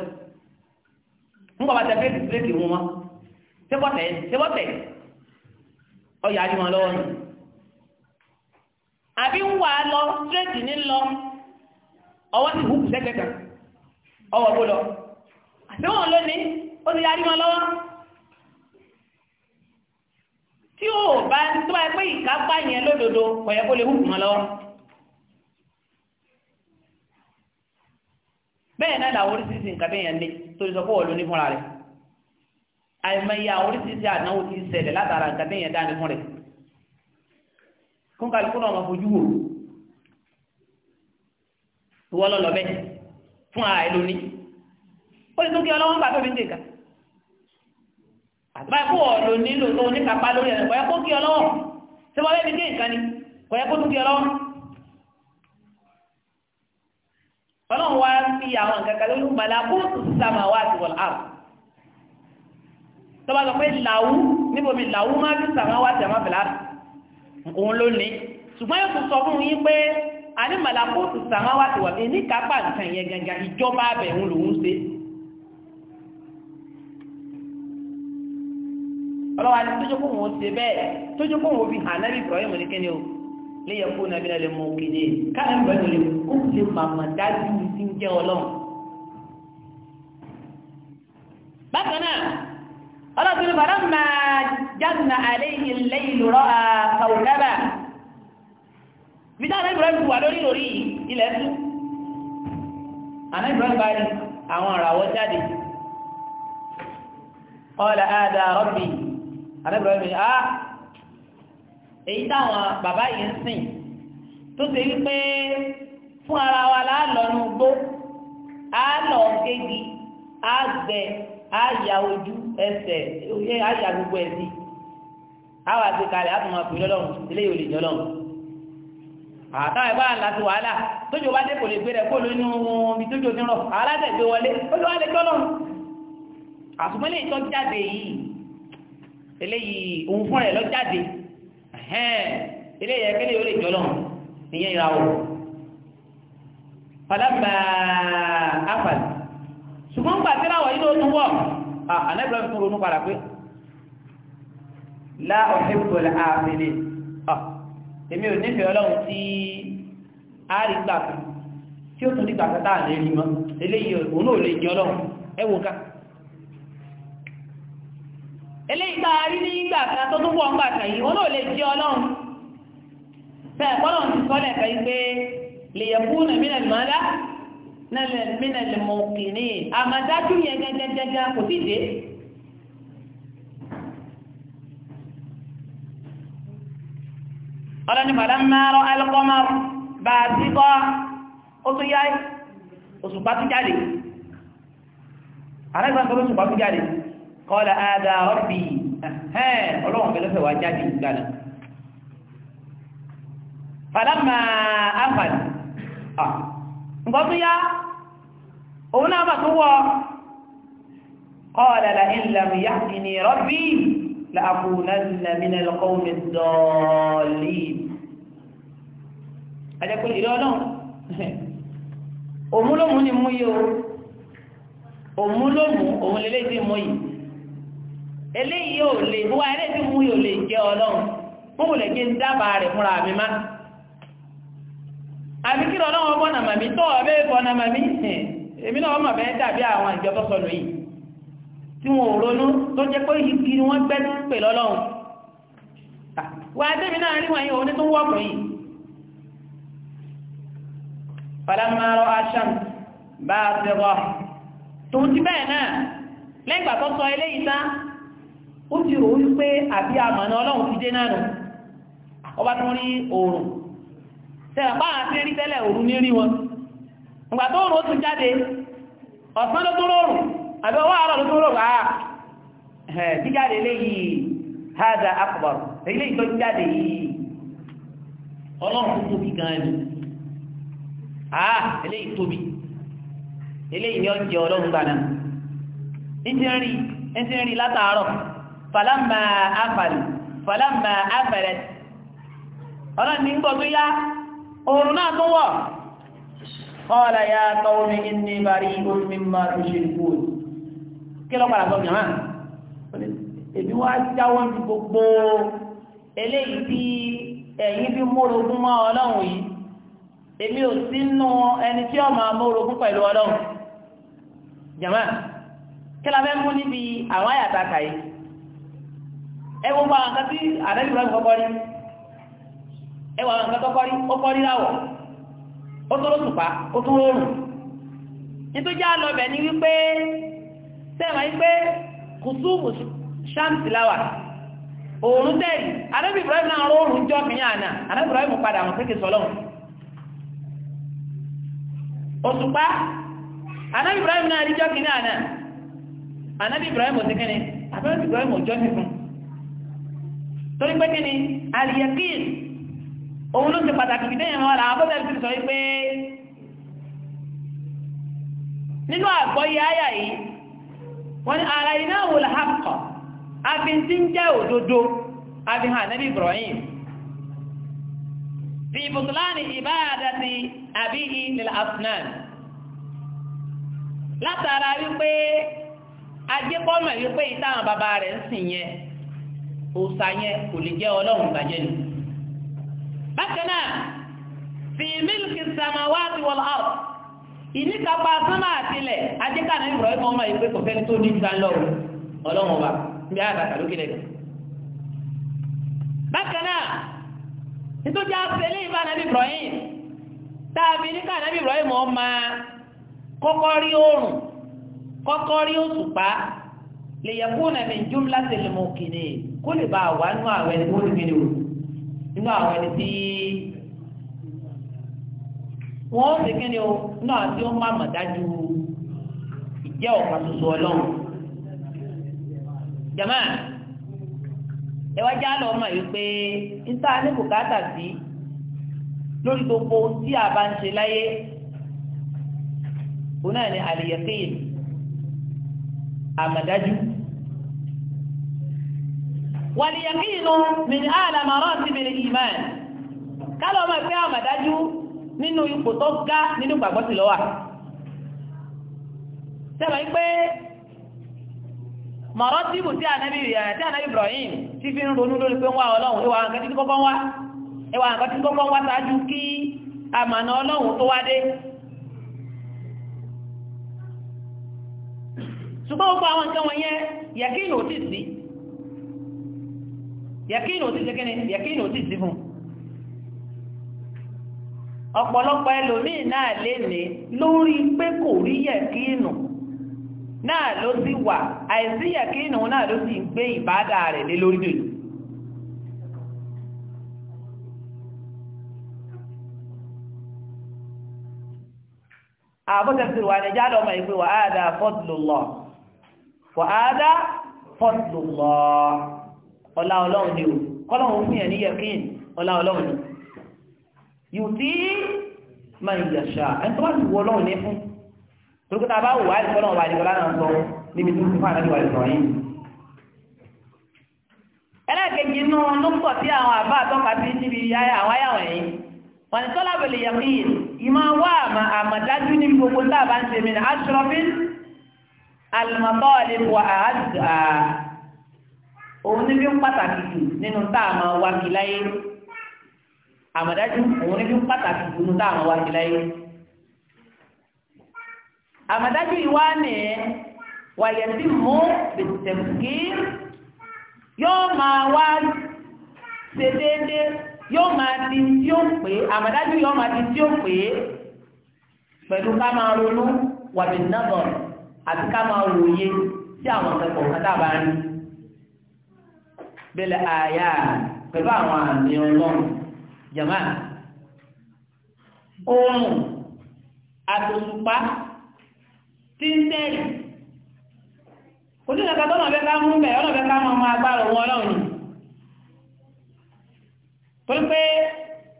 ń bọ̀ bá tẹ bírèkì bírèkì wọn wá tẹ́bọ̀tẹ̀ tẹ́bọ̀tẹ̀ ọjà ni wọn lọ́wọ́ ni àbí ń wà lọ straight ní lọ ọwọ́ ti hùkù sẹ́kẹ̀kẹ̀ ọwọ́ bó lọ àti wọn lónìí ó ti yarí wọn lọ́wọ́ tí ó bá tó bá pé ìkápá yẹn lódodo kò yẹ kó lè hùwù wọn lọ́wọ́. bẹ́ẹ̀ náà làwọn oríṣiríṣi nǹkan bẹ́ẹ̀ yẹn lé torí sọ pé wọ́n ló ní fúnra rẹ̀ àìmọye àwọn oríṣiríṣi àdánwò ti ṣẹlẹ̀ látara nǹkan bẹ́ẹ̀ yẹn dání fún rẹ̀ kún kálukú náà máa fojú wò wọ́n lọ lọ bẹ́ẹ̀ fún àìlóní ó lè tún kí ọlọ́wọ́n bàtọ́ mi ń dè kan àtibáyé kó wọ́n lò nílò tó oníkàpá lórí ẹ̀sìn kọ̀yẹ́ kó kí ọ lọ́wọ́ tí wọ́n lẹ́bi dé nǹkan ni kọ̀yẹ́ kó tún kí ọ lọ́wọ́. ọlọ́run wá fi àwọn nǹkan kan lórí ìgbàlá kó sàmà wá àti wọ̀lá àbù. tọ́ba sọ pé làwú níbo mi làwú máa fi sàmà wá àti àmà fìlà òun ló ní. ṣùgbọ́n yóò tún sọ fún yín pé àní màlà kó sàmà wá àti wọ̀lá ọlọ́wà ni tójú kó wọn ṣe bẹ́ẹ̀ tójú kó wọn fi hàn nábì Ibrahim ní kíni o lè yẹ kó nàbí náà lè mọ òkèdè káàmì Ibrahim lè kó lè màmá dájú ní ti ń jẹ́ ọlọ́run. bákan náà ọlọ́sìn bàrà máa jáde àlẹ́ ilé ìlú rọ́ àkàwùdábà Ibrahim wà lórí lórí ilẹ̀ tú àná Ibrahim bá àwọn àràwọ̀ jáde. قال هذا ربي àdébìrọ̀ mi á èyí táwọn bàbá yìí ń sìn tó ṣe wípé fún ara wa la lọ́nu gbó á lọ kégi á gbẹ á ya ojú ẹsẹ̀ á ya gbogbo ẹ̀sìn á wà sí kalẹ̀ á tún máa pè lọ́lọ́run eléyìí ò lè jọ lọ́run àtàwọn ẹ̀bá láti wàhálà tójò bá dé kò lè gbẹ̀rẹ̀ kó lónú ibi tójò ti rọ̀ aládẹ̀gbẹ̀ wọlé ó lọ́wọ́ lè gbọ́lọ́run àtùmọ́lé ìtọ́jáde yìí eléyìí òun fún ẹ lọ́jáde eléyìí ẹ̀kẹ́lẹ́ yóò lè jọ lọ́hùn ìyẹn ìra o padàbà afàlì ṣùgbọ́n gbà tí láwọ̀ yìí ló tún wọ̀ ànábìrán fún ronú padà pé la ọ̀hẹ́bùbọ̀ la àfẹ́lẹ́ èmi ò nífẹ̀ẹ́ ọlọ́run tí a rí gbà fún tí ó tún ní gbàgbà tá à lè rí mọ́ eléyìí òun náà lè jọ ẹ wò ká eléyìí tá a rí ní ìgbà kan tó tún wọ́n gbàgbà yìí wọn náà lè jẹ́ ọlọ́run bẹ́ẹ̀ bọ́lọ̀ ti sọ lẹ́ẹ̀kan yìí pé lè yẹ kú nàmínà lùmọ́lá nàmínà lùmọ́kìnì àmàdájú yẹn gẹ́gẹ́gẹ́gẹ́ kò sí dé ọlọ́ni fàdámárọ́ alkọ́mọ́ bá a ti kọ́ ó tó yá òṣùpá tó jáde àrẹ́gbàgbọ́ òṣùpá tó jáde kọ́lá ádá rọ́bì ẹ̀hẹ́n ọlọ́run pẹ̀lẹ́fẹ̀ wá jáde ìgbàlá fàlámà áfàdì nǹkan tó yá òun náà bà tó wọ́ kọ́lá la ìlàmì yá ìní rọ́bì làkúnnà mínà lọ́kọ́wọ́mì dọ̀ọ̀lì ajẹ́kùn ìrẹ́ ọlọ́run òun ló ni mú yìí o òun ló mú òun mú yìí eléyìí yóò lè wá eléyìí mú yóò lè jẹ́ ọlọ́run fún wòlẹ̀ kí n dábàá rẹ̀ fúnra mi má àbí kí lọ́lọ́run ọmọ nàmà mi tọ́ ọ bẹ́ẹ̀ bọ́ nàmà mi èmi náà ọmọ bẹ́ẹ̀ dàbí àwọn ìjọ tó sọnù yìí tí wọn ò ronú tó jẹ́ pé igi ni wọ́n gbẹ́ pè lọ́lọ́run wà á débi náà rí wọ̀nyí òní tó wọ́pù yìí falamaro asham bá a ti rọ tòun ti bẹ́ẹ̀ náà lẹ́gbàá tó sọ eléyìí tán ó ti rò wípé àbí àmàna ọlọ́run ti dé náà ọba tó rí oòrùn tẹ́lá àti rí tẹ́lẹ̀ oòrùn ní rí wọn ìgbà tó oòrùn tún jáde ọ̀sán ló tó rọrùn àbí ọwọ́ àárọ̀ ló tó rọrùn àà ah! jíjáde léyìí hádà akọ̀bọ̀rọ̀ yìí falama afari falama afẹrẹ ọlọ́run ní gbọ́ gbéyà oòrùn náà tó wọ̀ ọ̀la ya tọ́wọ́ mi ní bari omi ma tó ṣe kú o kí ló padà sọ jàmá èmi wá jáwọ́ ju gbogbo eléyìí bí ẹ̀yìn bí mórogún mọ́ ọlọ́run yìí èmi ò sí nù ẹni tí ó mórogún pẹ̀lú ọlọ́run jàmá kí la fẹ́ mú níbi àwọn àyàtà kàyé. ẹwọ bá nǹkan tí Ibrahim kọ́kọ́ rí ẹwọ àwọn nǹkan kọ́kọ́ rí ó rí láwọ̀ ó tó ó rọrùn nítorí á lọ bẹ̀ wípé wípé ṣáǹtì láwà òòrùn Ibrahim náà rọrùn jọ́ kìíní àná ànábì Ibrahim padà mọ̀ pé Ibrahim na Ibrahim Ibrahim torí pé kí ni aliyakin òun ló ṣe pàtàkì fìdí ìran ọ̀la àwọn bọ́ọ̀lù ti sọ wípé nínú àgbọ́yé àyà yìí wọ́n ní ara iná wò lè hapkọ̀ àfi tí ń jẹ́ òdodo àfi hàn níbi Ibrahim fi bùtùláàni ìbáradà ti àbí ilẹ̀ afnan látara wípé ajẹ́kọ́mọ̀ wípé ìtàn bàbá rẹ̀ ń sìn yẹn òòsà yẹn kò lè jẹ́ ọlọ́run ìbàjẹ́ ni. bákan náà fi mílíkì samawati wal ard ìníkapa sánmà àtìlẹ̀ ajẹ́ká ní ìrọ̀ ẹ̀kọ́ ọmọ ìpé kò fẹ́ni tó ní ìgbà lọ́rùn ọlọ́run ọba ní àgbàkà lókè lẹ́nu. bákan náà nítorí àfẹ́lẹ́ ìbá nàbí Ibrahim tàbí níkà nàbí Ibrahim ọmọ kọ́kọ́ rí oòrùn kọ́kọ́ rí lè yẹ kúrò nàbí jùmlá tẹlẹmọ́kì ni kó lè bá wà nínú àwọn ẹni tó ń gbé ni o nínú àwọn ẹni tí wọ́n ó sì kíni o nínú àwọn tí ó má mọ̀ dájú ìjẹ́ ọ̀kan ṣoṣo ọlọ́run jama ẹ wá já lọ mọ̀ wípé níta ní bùkátà sí lórí gbogbo tí a bá ń ṣe láyé òun náà ni àlèyẹ̀kéyè àmọ̀dájú wàlìyàkínú mìí àlàmàrán ti bèèrè ìmáà kálọ̀ ọmọ ìpé àmàdájú nínú ipò tó ga nínú gbàgbọ́ ti lọ́wà sẹ́bàá pé mọ̀rọ̀ tí ibù tí ànábì Ibrahim ti fi ń ronú lórí pé wá ọlọ́run ìwà nǹkan tí kọ́kọ́ wá ìwà nǹkan tí kọ́kọ́ wá sáájú kí àmànà ọlọ́run tó wá dé ṣùgbọ́n gbogbo àwọn nǹkan wọ̀nyẹn yẹ̀kí ìlò tí yekinu tí ṣekínì yẹ̀kínù tí sí fún ọ̀pọ̀lọpọ̀ ẹlòmíì náà kò rí yẹ̀kínù náà ló sì wà àìsí yẹ̀kínù náà ló sì gbé ìbádà rẹ̀ lé lórí dè àbúkẹ́sì wà ní jádọ̀ ọmọ ìpé wà áàdà fọ́dùlọ́ ọlá ọlọ́run ni o kọ́lọ́run fún yẹn ní yẹ̀kín ọlá ọlọ́run ni yóò tí máa ń yàṣà ẹni tó bá ti wọ ọlọ́run ní fún torókítà bá wò wáyé kọ́lọ́run wà ní ọlá náà sọ níbi tó fún àdájọ́ wà lọ́rọ̀ yìí ẹlẹ́ẹ̀kejì inú lóńpọ̀ tí àwọn àbá àtọ́ka sí níbi àwọn ayáwọ̀ yìí wọ́n ní aṣọ́rọ́fín òun ní bí ń pàtàkì jù nínú tá a máa wá sí láyé àmọ̀dájú òun ní bí ń pàtàkì jù nínú tá a máa wá sí láyé àmọ̀dájú ìwá ni wàyẹ̀ sí mú bìtẹ̀kì yóò máa wá ṣe déédéé yóò máa di tí ó pé àmọ̀dájú yóò máa di tí ó pé pẹ̀lú ká máa ronú wàbí náà àti ká máa wòye sí àwọn akẹ́kọ̀ọ́ kan tá a bẹ́lẹ̀ àyà pẹ̀lú àwọn àmì ọlọ́run jama oòrùn àtòṣùpá tí ń tẹ̀lé kò sí ìjọba tọ́nà bẹ́ẹ̀ ká mú bẹ́ẹ̀ ọ̀nà bẹ́ẹ̀ ká mọ ọmọ agbára òun ọlọ́run ni torí pé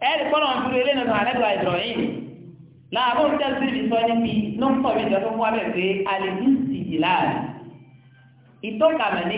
ẹ̀ẹ́dì kọ́nà ń fi lé nínú àlẹ́dùn àìsàn yìí láàbò ń tẹ́sí ìsọ níbi ló ń pọ̀ mí ìjọba fún wa bẹ̀ pé alẹ́ ní ìsìyì láàrin ìtọ́kàmẹ́ ní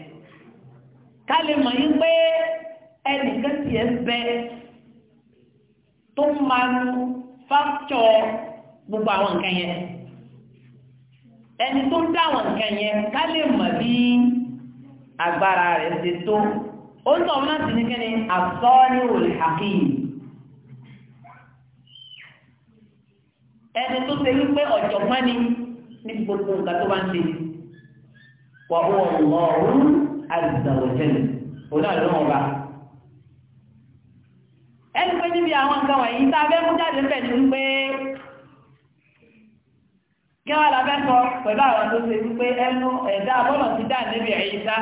ká lè mọ̀ yín pé ẹnìkan tì ẹ́ bẹ tó máa ń fáktọ̀ gbogbo àwọn nǹkan yẹn ẹni tó ń dá àwọn nǹkan yẹn ká mọ̀ bí agbára rẹ̀ ṣe tó ó ń láti ní ẹni tó ṣe wípé ọ̀jọ̀gbọ́n ni ní gbogbo nǹkan tó bá ń ṣe wà ó azawajẹlẹ òun náà lọ́wọ́ ọba ẹni pé níbi àwọn nǹkan wọ̀nyí tá a fẹ́ mú jáde bẹ̀ ni pé kí wọ́n la fẹ́ sọ pẹ̀lú àwọn tó ṣe wípé ẹnu ẹ̀dá bọ́lọ̀ ti dá níbi ẹ̀yìn sá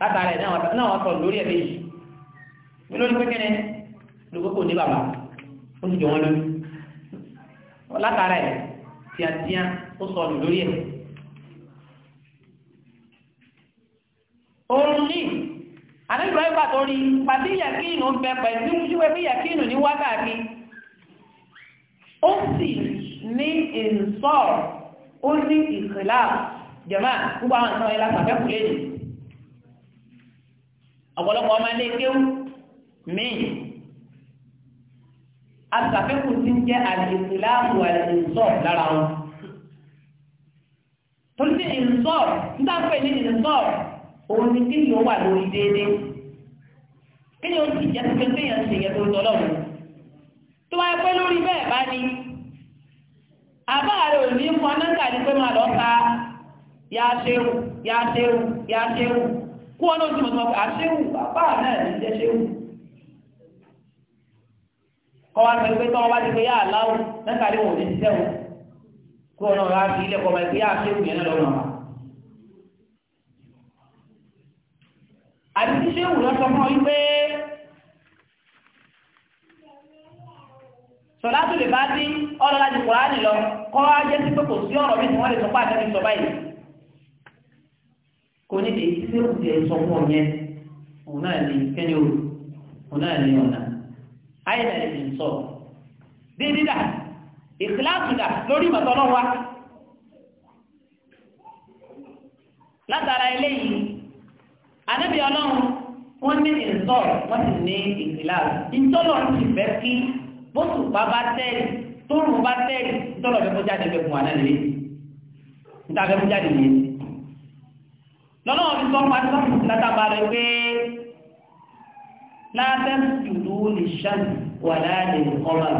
látara ẹ̀ náà wọ́n sọ lórí ẹ̀mí yìí mi lórí pé kẹ́ni lóko kò ní bàbá ó sì jọ wọn lórí látara ẹ̀ tíátíá ó sọ lórí ẹ̀mí. oorun ní àníbùrọ̀ ìgbà tó rí pàtí yàkínù ń bẹ pẹ̀lú ṣíwẹ́ bí yàkínù ní wákàtí ó sì ní ìsọ̀ ó ní ìkìlá jẹ̀má gbogbo àwọn ìsọ̀ ilá pàfẹ́kù léde ọ̀pọ̀lọpọ̀ ọmọ ilé kéwù míì asàfẹ́kù ti ń jẹ́ àdìsílá àbò àdìsọ̀ lára wọn torí sí ìsọ̀ nígbà pé ní ìsọ̀ òun ni kí yóò wà lórí déédéé kí ni o ti jẹ́ pé kéèyàn ṣe yẹ tó tọ́ lọ́wọ́ tó wáyé pé lórí bẹ́ẹ̀ bá ní àbá rẹ̀ ò ní fọn náà ní pé máa lọ ta ya ṣéwù ya ṣéwù ya ṣéwù kú ọ náà túnmọ̀ sọ pé àṣéwù bàbá náà ní jẹ́ ṣéwù kọ́ wá pẹ̀lú pé tọ́wọ́ bá ti pé yá àláwù náà kárí wọn ò ní ṣiṣẹ́ wọn kú ọ náà rà á ilé kọ́ máa pé yá àṣéwù yẹn náà lọ́wọ́ náà ṣéwù lọ́sọ̀ mọ́ wípé sọ̀lá tó lè bá dí ọlọ́lá ti kọ̀rá nìlọ kọ́ ajẹ́ sí pé kò sí ọ̀rọ̀ mi tí wọ́n lè sọ pàdé mi sọ báyìí kò ní èyí ṣéwù jẹ́ sọ fún ọ òun náà ní kẹ́ni o òun náà ní ọ̀nà ayé náà sọ dídí dà ìkìláàsì dà lórí ìmọ̀tọ́ náà látara eléyìí anábì ọlọ́run wọ́n ní ìsọ̀ wọ́n sì ní ìsìláàrù ìtọ́lọ̀ ti fẹ́ kí bóṣùpá bá tẹ́rì tóòrùn bá tẹ́rì ìtọ́lọ̀ fẹ́ kó jáde fẹ́ fún wa náà lè níta fẹ́ kó jáde yẹn lọ́nà wọn fi sọ fún adúlọ́ fún látàbà rẹ pé lábẹ́ ìlú lè ṣàn wà láàyè ọ̀rọ̀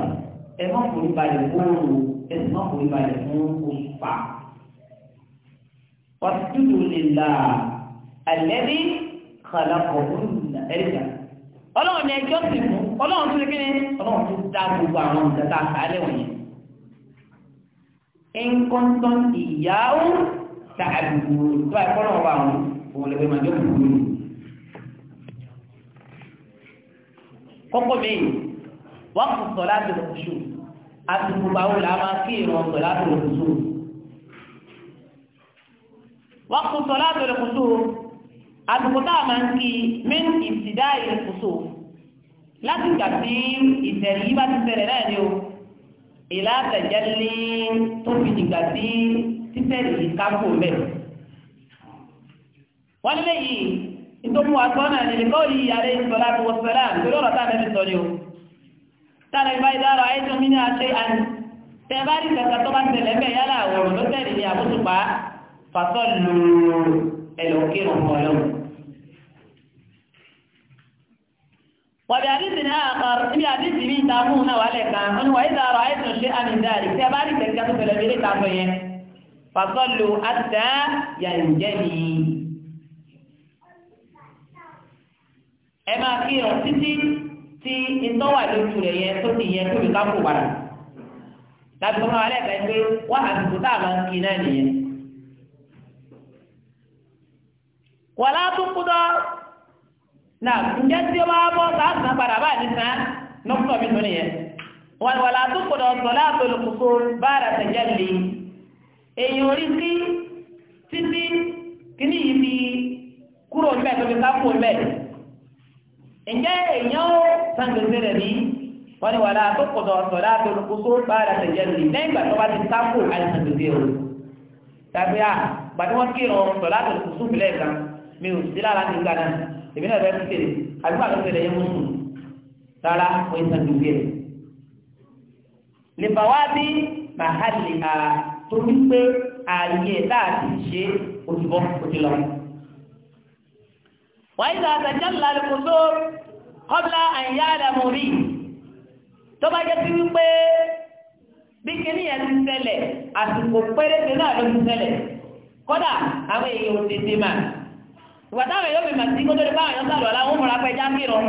ẹ má kò ní balẹ̀ fóònù ẹ sì má kò ní balẹ̀ fún òṣùpá wàtúndùn lè là àlẹ́ ní kàlákọ̀ọ́nà ẹ̀ríkà ọlọ́run ni ẹjọ́ sì mú ọlọ́run tún kí ni ọlọ́run tún dá gbogbo àwọn ìdàtà àkàálẹ̀ wọ̀nyí ẹnkọ́ntọ́n ìyáwó tààbùkù tó àìkọ́lọ̀ ọba àwọn òun lẹ́gbẹ̀ẹ́ máa jẹ́ kúrú ni kọ́kọ́ mi wọ́n kò sọ láti lọ kùsù àtùkù báwo là máa kí ìrọ̀ sọ láti lọ kùsù wọ́n kò sọ láti àsìkò táwọn máa ń kí min ìsìdá ìrẹ̀kùsò láti gbà tí ìtẹ̀rí bá ti tẹ̀rẹ̀ náà ni o ìlà tẹ̀jẹ́lí tó fi dìgbà tí títẹ̀rí kákò mẹ́. wọ́n lé yìí nítorí wọn àgbọ̀n náà nílé kọ́ yìí àlẹ́ ìsọ̀lá tó wọ́n sọ̀rọ̀ àti lọ́rọ̀ sọ ni o. táwọn ìbá ìdára ẹ̀jọ̀ mi ní àṣẹ àti tẹ́ bá rí kàkà tó bá tẹ̀lẹ̀ bẹ́ẹ̀ yálà àwòrán ló tẹ̀lé ní àbútùpá wàbí àdìsí ní àkàrà ibi àdìsí bí ìtàkùn náà wà lẹ́ka wọn ni wà ìdá ọ̀rọ̀ àìsàn ṣe àmì ìdárí tí a bá rí kẹ̀kẹ́ tó fẹ̀lẹ̀ fẹ̀lẹ̀ ìtàkùn yẹn fàtọ́lù àtà yànjẹ́ ni. ẹ máa kí ọ títí tí ìtọ́wà lójú rẹ̀ yẹn tó ti yẹn tóbi ká kó wàrà láti fún wa lẹ́ka pé wọ́n àsìkò tá a máa ń kí náà nìyẹn. wàlá tó kú dọ́ náà ǹjẹ́ tí ó máa bọ́ sáàsán padà bá ní sàn lọ́pọ̀ mi tó nìyẹn wọn wà látó kò lọ sọ láàbò olùkókó bá ara tẹ̀jẹ́ lè èyí orí sí títí kíní yìí fi kúrò mbẹ tó fi ká kúrò mbẹ ǹjẹ́ èèyàn ó san gbèsè rẹ̀ bí wọ́n ní wà látó sọ láàbò olùkókó bá ara lè lẹ́yìn ìgbà bá ti ká kúrò àìsàn gbèsè o tàbí à gbàdúrà kírun sọ láàbò olùkókó mi ò sí lára ní ìgbà èmi náà bẹ́ẹ̀ tẹ̀lé àdúgbò àtúntẹ̀lẹ̀ yẹn mú rárá wọ́n ìsàn tó gbé rẹ̀. lè bá wá bí màhálì à torí pé ààyè láti ṣe òṣùbọ́ òṣù lọ. wàá ìlà àtàjà ńlá lè kó tó kọ́bla àyà àdàmú rí tó bá jẹ́ sí wípé bí kíní yẹn ti ṣẹlẹ̀ àsìkò péréte náà ló ti ṣẹlẹ̀ kódà àwọn èèyàn ò tètè máa ìgbà táwọn èèyàn fi mà sí kótó ní báwọn èèyàn sàlọ̀ láwọn ó múra pẹ́ já kí irun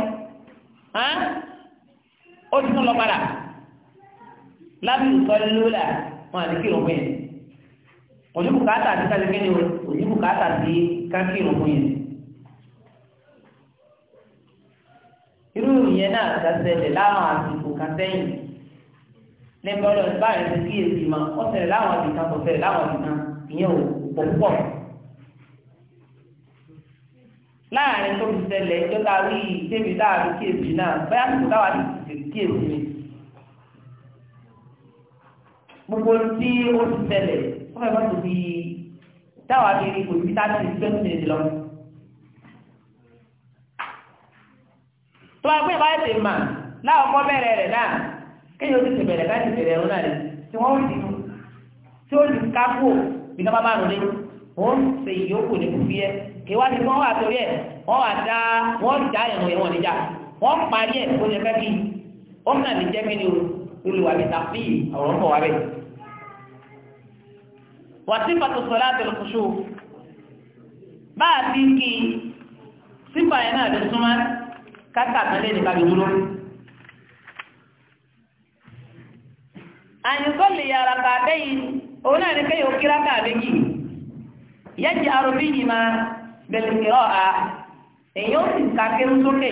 ó ti tún lọ padà lábìlú sọ́ọ́lì lóla wọn àti kí irun pé òní bùkátà sí kájí kéde òní bùkátà sí kájí irun pé irú ìyẹn náà ṣàṣẹlẹ̀ láwọn àsìkò kan sẹ́yìn lẹ́gbọ́n lọ báyìí ti kíyèsí mọ́ ọ̀sẹ̀ láwọn àbìkan kò sẹ̀ láwọn àbìkan ìyẹn ò pọ̀ púpọ̀ láàrin tó fi ṣẹlẹ̀ ẹjọ́ ta rí débi láàrin kéèsì náà bóyá kò táwa ti tètè kéèsì mi gbogbo tí ó ti ṣẹlẹ̀ wọ́n fẹ́ mọ́tò bí táwa fi rí kò sí tá a ti gbé ní ìdílọ́. tó a gbé ìbáyé tè mà láwọn kọ́ bẹ̀rẹ̀ rẹ̀ náà kéèyàn ó ti tè bẹ̀rẹ̀ káyọ̀ bẹ̀rẹ̀ ẹ̀rọ náà rẹ̀ tí wọ́n ó ti tí ó ti ká kú bí bá rò lé wọ́n ṣe ìyókù ní kúfíẹ́ kí wá ní kí wọ́n wà torí ẹ̀ wọ́n wà dá wọ́n dá ìrùn ìwọ̀n níjà wọ́n parí ẹ̀ kó jẹ́ fẹ́ kí ó mìíràn ní jẹ́ kí ni olùwà mi tàbí ọ̀rọ̀ ń bọ̀ wá bẹ́ẹ̀. wàtí pàtó sọ̀rọ̀ àtẹ̀lẹ̀ kùsù bá a ti kí sípà yẹn náà ló súnmọ́ káta kan lé nípa dúró. àyùkọ́ lè yàrá kàdé yìí òun náà ní kéèyàn kíra kàdé yìí yẹ́jì arúgbó yìí máa bẹ̀rẹ̀ kìrọ̀ a èyí ó sì ka kéwù sókè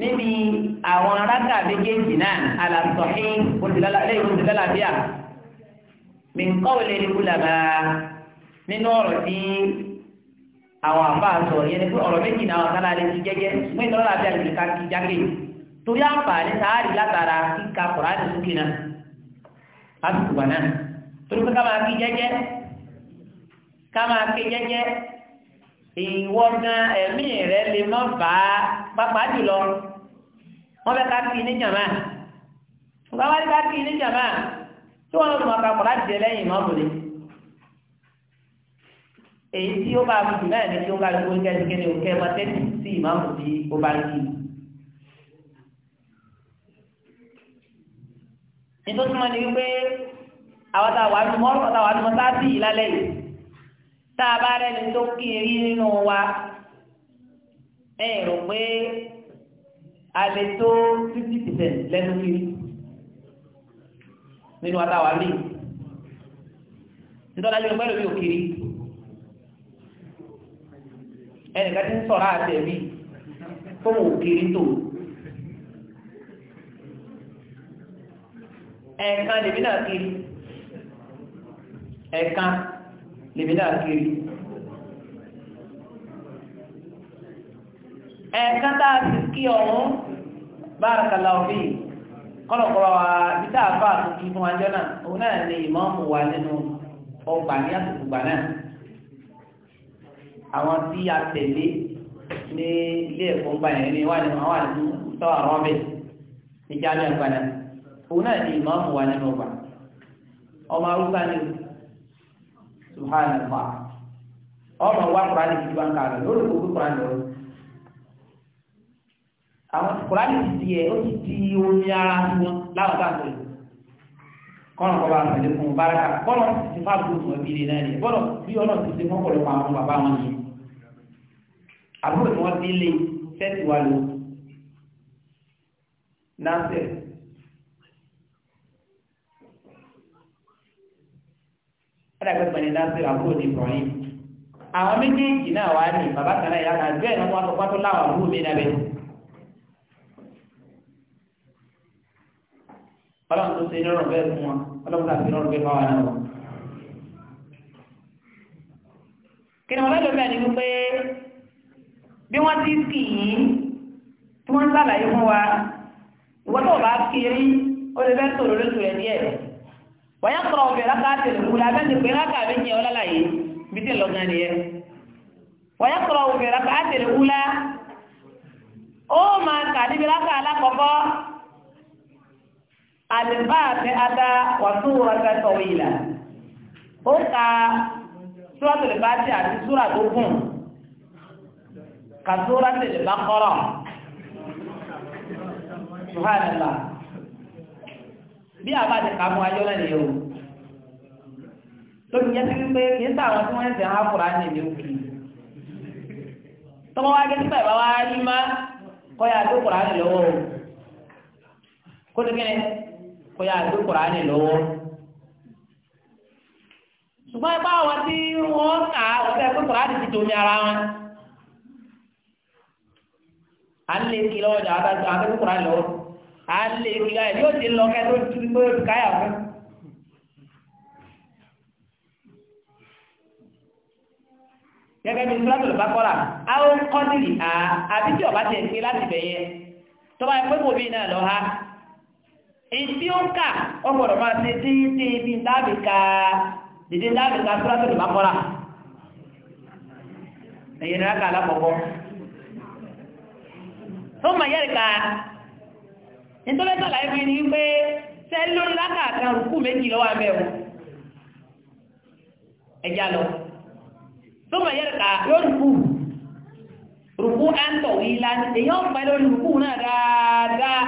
níbi àwọn aráàlú àbẹ́jẹ́jì náà alàtọ̀hí olùdílálàbíà olùdílálàbíà mìkọ́wìlẹ̀ ìlúlàbà nínú ọ̀rọ̀ tí àwọn àbá sọ yẹn ni pé ọ̀rọ̀ méjì náà ọ̀sán láti ti jẹ́jẹ́ ṣùgbọ́n ìdọ́làbíà lè ká kí jákè torí àǹfààní sáárì látara kíka kùránì sókè náà lásìkò gbà náà torí pé ká máa kí jẹ́jẹ́ ká máa kí jẹ́jẹ́ ìwọ gan ẹ̀mí rẹ lè mọ́ bá pápá jùlọ wọ́n fẹ́ ká kí ní jàmá wọ́n wá ká kí ní jàmá tí wọ́n lọ́dún ọ̀ka kọ̀ láti jẹ lẹ́yìn ìmọ̀bùnrin èyí tí ó bá a bùjù náà ní tí ó bá lóko ní kẹ́sìkẹ́ ní òkè ọmọ tẹ́tì sí ìmọ̀bù tí ó bá kí i. nítorí wọn ni wípé àwọn táwọn àdúmọ̀ táwọn àdúmọ̀ sáà sí ìlálẹ́ yìí tá a bá rẹ́ni tó kí n rí nínú wa ẹ rò pé a lè tó fifty percent lẹ́nu kiri nínú àtàwà rí nítorí ajé ìpẹ́rù yóò kiri ẹnìkan tí ń sọ̀rọ̀ àti ẹ̀mí fún òkiri tó ẹ̀ẹ̀kan lèmi náà kiri ẹ̀ẹ̀kan lèmi náà kiri ẹ̀ẹ̀kan tá a ti kí ọ̀hún bárakàlá òfin kọ́lọ̀kọ́lọ́ wa bí tá a fà àtúntì fún wa jọ náà òun náà ní ìmọ̀ọ́mù wa nínú ọgbà ní àtúntò gbà náà àwọn tí a tẹ̀lé ní ilé ẹ̀kọ́ ńgbà yẹn ni wà ní àwọn àdúgbò tó àwọn ọbẹ̀ ní jáde ẹ̀gbà náà òun náà ní ìmọ̀ọ́mù wa nínú ọgbà ọmọ arúgbó ni subhanallah ọmọ wa kurani ti ba nka rẹ lórí gbogbo kurani lọ àwọn kurani ti di yẹ ó ti di omi ara wọn láwọn tá a sọ kọ́nà kọ́ bá a sọ̀rọ̀ fún un kọ́nà ti fa gbogbo wọn ilé náà bí ti àwọn dàgbẹ́ bẹ̀rẹ̀ dáńsì àbúrò ní Ibrahim àwọn méjèèjì náà wà ní bàbá kan náà yàrá àgbẹ̀ ẹ̀nà wọn lọ́pàá tó láwọn àbúrò mi náà bẹ̀. ọlọ́run tó ṣe ní ọ̀rọ̀ bẹ́ẹ̀ fún wọn ọlọ́run tó ṣe ní ọ̀rọ̀ bẹ́ẹ̀ fáwọn náà wọn. kìnìún ọlọ́dọ̀ bẹ́ẹ̀ ni wípé bí wọ́n ti kì í tí wọ́n ń sàlàyé fún wa ìwọ́n tó bá kiri ó lè fẹ́ sọ̀rọ̀ lóṣù rẹ̀ díẹ̀ wọ́yá kọ̀rọ̀ ọ̀bẹ̀ rákàtì ìrìnkúlẹ̀ abẹ́ni pé rákà méjì ọlọ́lá yìí bí tí lọ́gán ni ẹ wọ́yá kọ̀rọ̀ ọ̀bẹ̀ rákàtì ìrìnkúlẹ̀ ó máa kà níbi rákà alákọ̀ọ́kọ́ àdìbáàtì ata wàtún rọ̀ṣẹ̀ tọ̀wé ìlà ó ka súrọ̀tì lìbátì àti súrà tó gùn kà súrọ̀tì lìbákọ́rọ̀ subhanallah bí àbá ti kà mú ayọ́ náà nìyẹn o lórí yẹn ti ń pé kì í sáwọn tí wọ́n ń sẹ́wọ́n àkùrá ní ìlú òkè tọ́wọ́ wá gẹ́gẹ́ bàbá wa rí má kọ́ ya àdó kùrá ní lọ́wọ́ o kó ní kíni kọ́ ya àdó kùrá ní lọ́wọ́ ṣùgbọ́n ẹgbẹ́ àwọn tí wọ́n kà á wọ́n fẹ́ pé kùrá ní ti tomi ara wọn à ń lè kí lọ́wọ́ jà á bá kùrá ní lọ́wọ́ alẹ́ ìgbà ẹ̀ yóò ti lọ kẹ́ tó tu pé káyà fún. gẹ́gẹ́ bí sọ́dọ̀ bá kọ́ra àwọn kọ́ndìrì à àbí tí ọba ti ẹ̀ pé láti bẹ̀ yẹn tọ́ba ẹ̀ pé kò bí náà lọ ha ìdí ó ń kà ó gbọ́dọ̀ máa ṣe déédéé bí dábì ka dèdè dábì ka sọ́dọ̀ bá kọ́ra ẹ̀yẹ̀dẹ̀ láka alákọ̀ọ́kọ́ tó máa yẹ̀rì ka nítorí ẹ̀sọ́ láì fi ni pé sẹ́lú lórí lákàtà rùkú méjì lọ́wọ́ abẹ́ o ẹ̀já lọ tó mọ̀ yẹ́rẹ̀ ká yóò rùkú rùkú á ń tọ̀ wí lánìí èyí ọ̀pẹ lórí rùkú náà dáadáa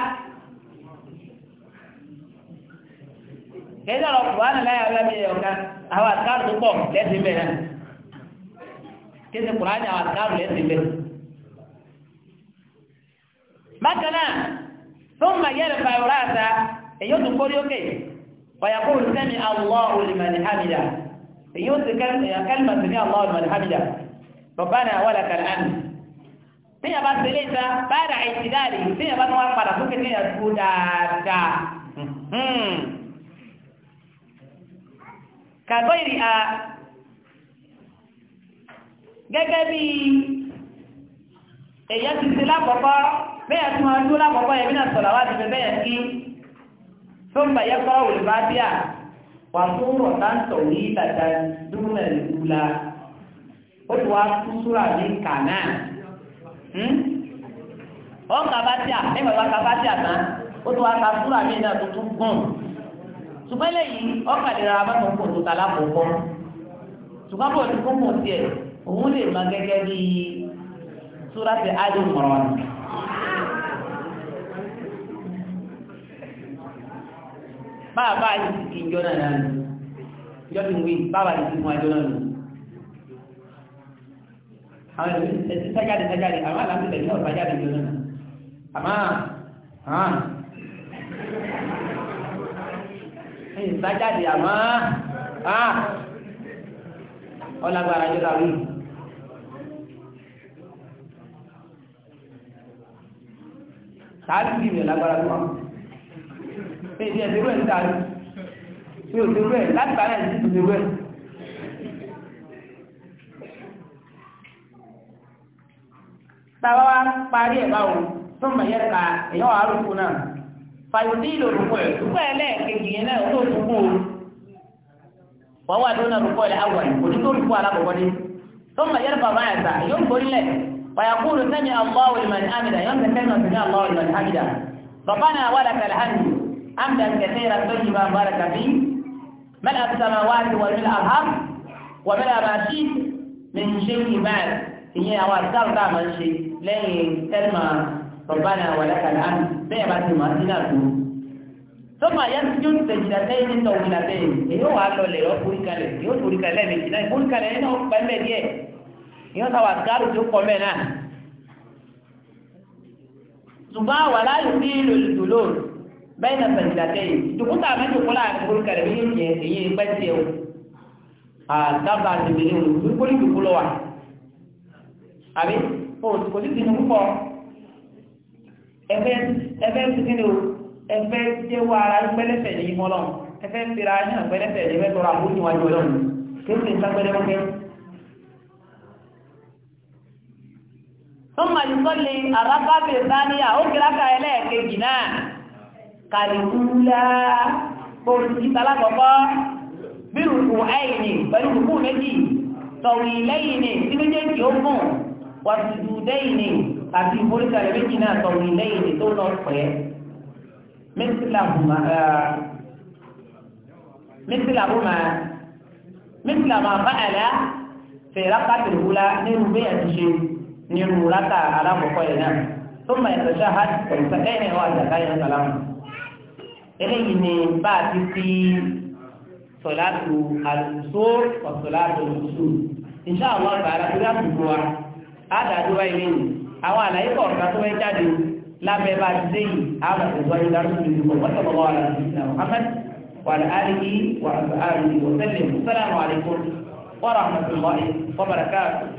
ẹ̀dá ọ̀rọ̀ kùbánà láyà ọ̀làmì ẹ̀yọ̀ká àwọn àtàrù tó pọ̀ lẹ́sìn bẹ̀rẹ̀ náà kéde kùránì àwọn àtàrù lẹ́sìn bẹ̀rẹ̀ bákan náà ثم يرفع راسه يذكر يوكي ويقول سمع الله لمن حمده يذكر كلمة سمع الله لمن حمده ربنا ولك الحمد tíyà bá ṣe léyìn tán báyìí àìsídáàlì tíyà bá tún wá padà fún kékeré ẹ̀kú dáadáa. kàgbọ́ ìrì a gẹ́gẹ́ bí èyí ti ṣe lákọ̀ọ́kọ́ bẹ́ẹ̀ tí wọ́n dúró lákọ̀ọ́kọ́ yẹn mínà sọ̀rọ̀ wájú pé bẹ́ẹ̀ kí tó ń kọ́ òlùbá bí à wà fún rọ̀tántọ̀ ní ìdàdà dúnmẹ̀ ó wá ní hmm? ó ń kàbá tí à kàbá tí à ó wá ka súrà ní ìdà tuntun gùn ṣùgbọ́n lẹ́yìn ọkàlera abẹ́tọ̀ tó ta bàbá yìí ti ìjọ náà náà nù ìjọ tí wí bàbá yìí ti fún àjọ náà nù àwọn ẹ̀sìn sájáde sájáde àwọn aláàbí tẹ̀lé náà sájáde ìjọ náà àmọ́ hàn ẹ̀yìn sájáde àmọ́ hàn ọlágbára yóò dáwé. sáájú bíbélì lágbára tó wà èdè ẹ̀sìn rẹ̀ ń darí mi ò ṣerú ẹ̀ láti bá ẹ̀sìn ti ṣerú ẹ̀. tàbá wa parí ẹ̀ báwo tó mọ̀ yẹ ká èyàn wà á lóko náà fàyọ̀dé ìlò olùkọ́ ẹ̀ olùkọ́ ẹ̀ lẹ́ẹ̀kejì yẹn náà tó olùkọ́ o wọ́n wà lónà olùkọ́ ẹ̀ àwọn ẹ̀ òní tó olùkọ́ alábọ̀wọ́dé tó mọ̀ yẹ ká máa ẹ̀ta yóò gbórílẹ̀ fàyàkúrò sẹ́mi àwọn olùmọ̀ ní àmì حمدا كثيرا طيبا مباركا فيه ملء السماوات وملء الارض وملء ما شئت من شيء بعد هي اوصال ما شيء لين كلمه ربنا ولك الامر بما ما سنكون tọ́mà yá tí yóò tẹ̀jìdá tẹ́yìn ní tọ̀wìnà tẹ́yìn èyí wà lọ lè yọ foríkalẹ̀ yóò foríkalẹ̀ méjì náà foríkalẹ̀ yẹn náà pa ẹ̀mẹ́ díẹ̀ yóò sáwà gáàrù tó kọ́ mẹ́ náà. ṣùgbọ́n àwàlá yìí ní ìlò ìdòlóòrò bẹ́ẹ̀ na sàjìdàtẹ́ yìí dùkútà mẹ́jọkú láàrin kúrú kẹrẹ ní ìyẹn èyí pẹ́ tí ó àdábà ti bèèrè òun ní kúrú dùkú lọ wà àbí kò sí sínú púpọ̀ ẹfẹ́ ti kí ni o ẹfẹ́ tí ó ara gbẹ́lẹ́fẹ̀ ní ìmọ̀ lọ ẹfẹ́ fira ní àgbẹ́lẹ́fẹ̀ ní ẹfẹ́ tọrọ àbúrú níwájú ọlọ́run kéèké ń ságbẹ́lẹ́ wọ́kẹ́ ثم يصلي الركعة الثانية أو كراكة إليه كجنان kàlùkúlá bóòlù ti talákọ̀ọ́kọ́ bírù kù ẹ̀yìn pẹ̀lú kùkú méjì tọ̀wì lẹ́yìn ní tí méjèèjì ó gùn wàtúndù lẹ́yìn ní àti ìforíkalẹ̀ méjì náà tọ̀wì lẹ́yìn ní tó lọ pẹ́ mísìlà máa bá àlá fèrè kàtìkúlá nínú bí ẹ̀ ti ṣe nínú rákà alákọ̀ọ́kọ́ yẹn náà tó máa ẹ̀sọ̀ ṣáà hàtì pẹ̀lú sẹ́yìn wà eléyìí ni bá a ti fi sọ̀láàtù àlùsó ọ̀sọ̀láàtù òṣù iṣẹ́ àwọn àgbàrá tó dáàbòbò wa àdàdúrà ilé yìí àwọn àlàyé kọ̀ọ̀kan tó wẹ́ jáde lábẹ́ bá ti dé yìí àwọn àtẹ̀sọ́ yìí dárúkú ní ìlú wọ́n tọ̀bọ̀ wà láti ìsìlẹ̀ Muhammad wà láàrín wà láàrín wọ́n tẹ̀lé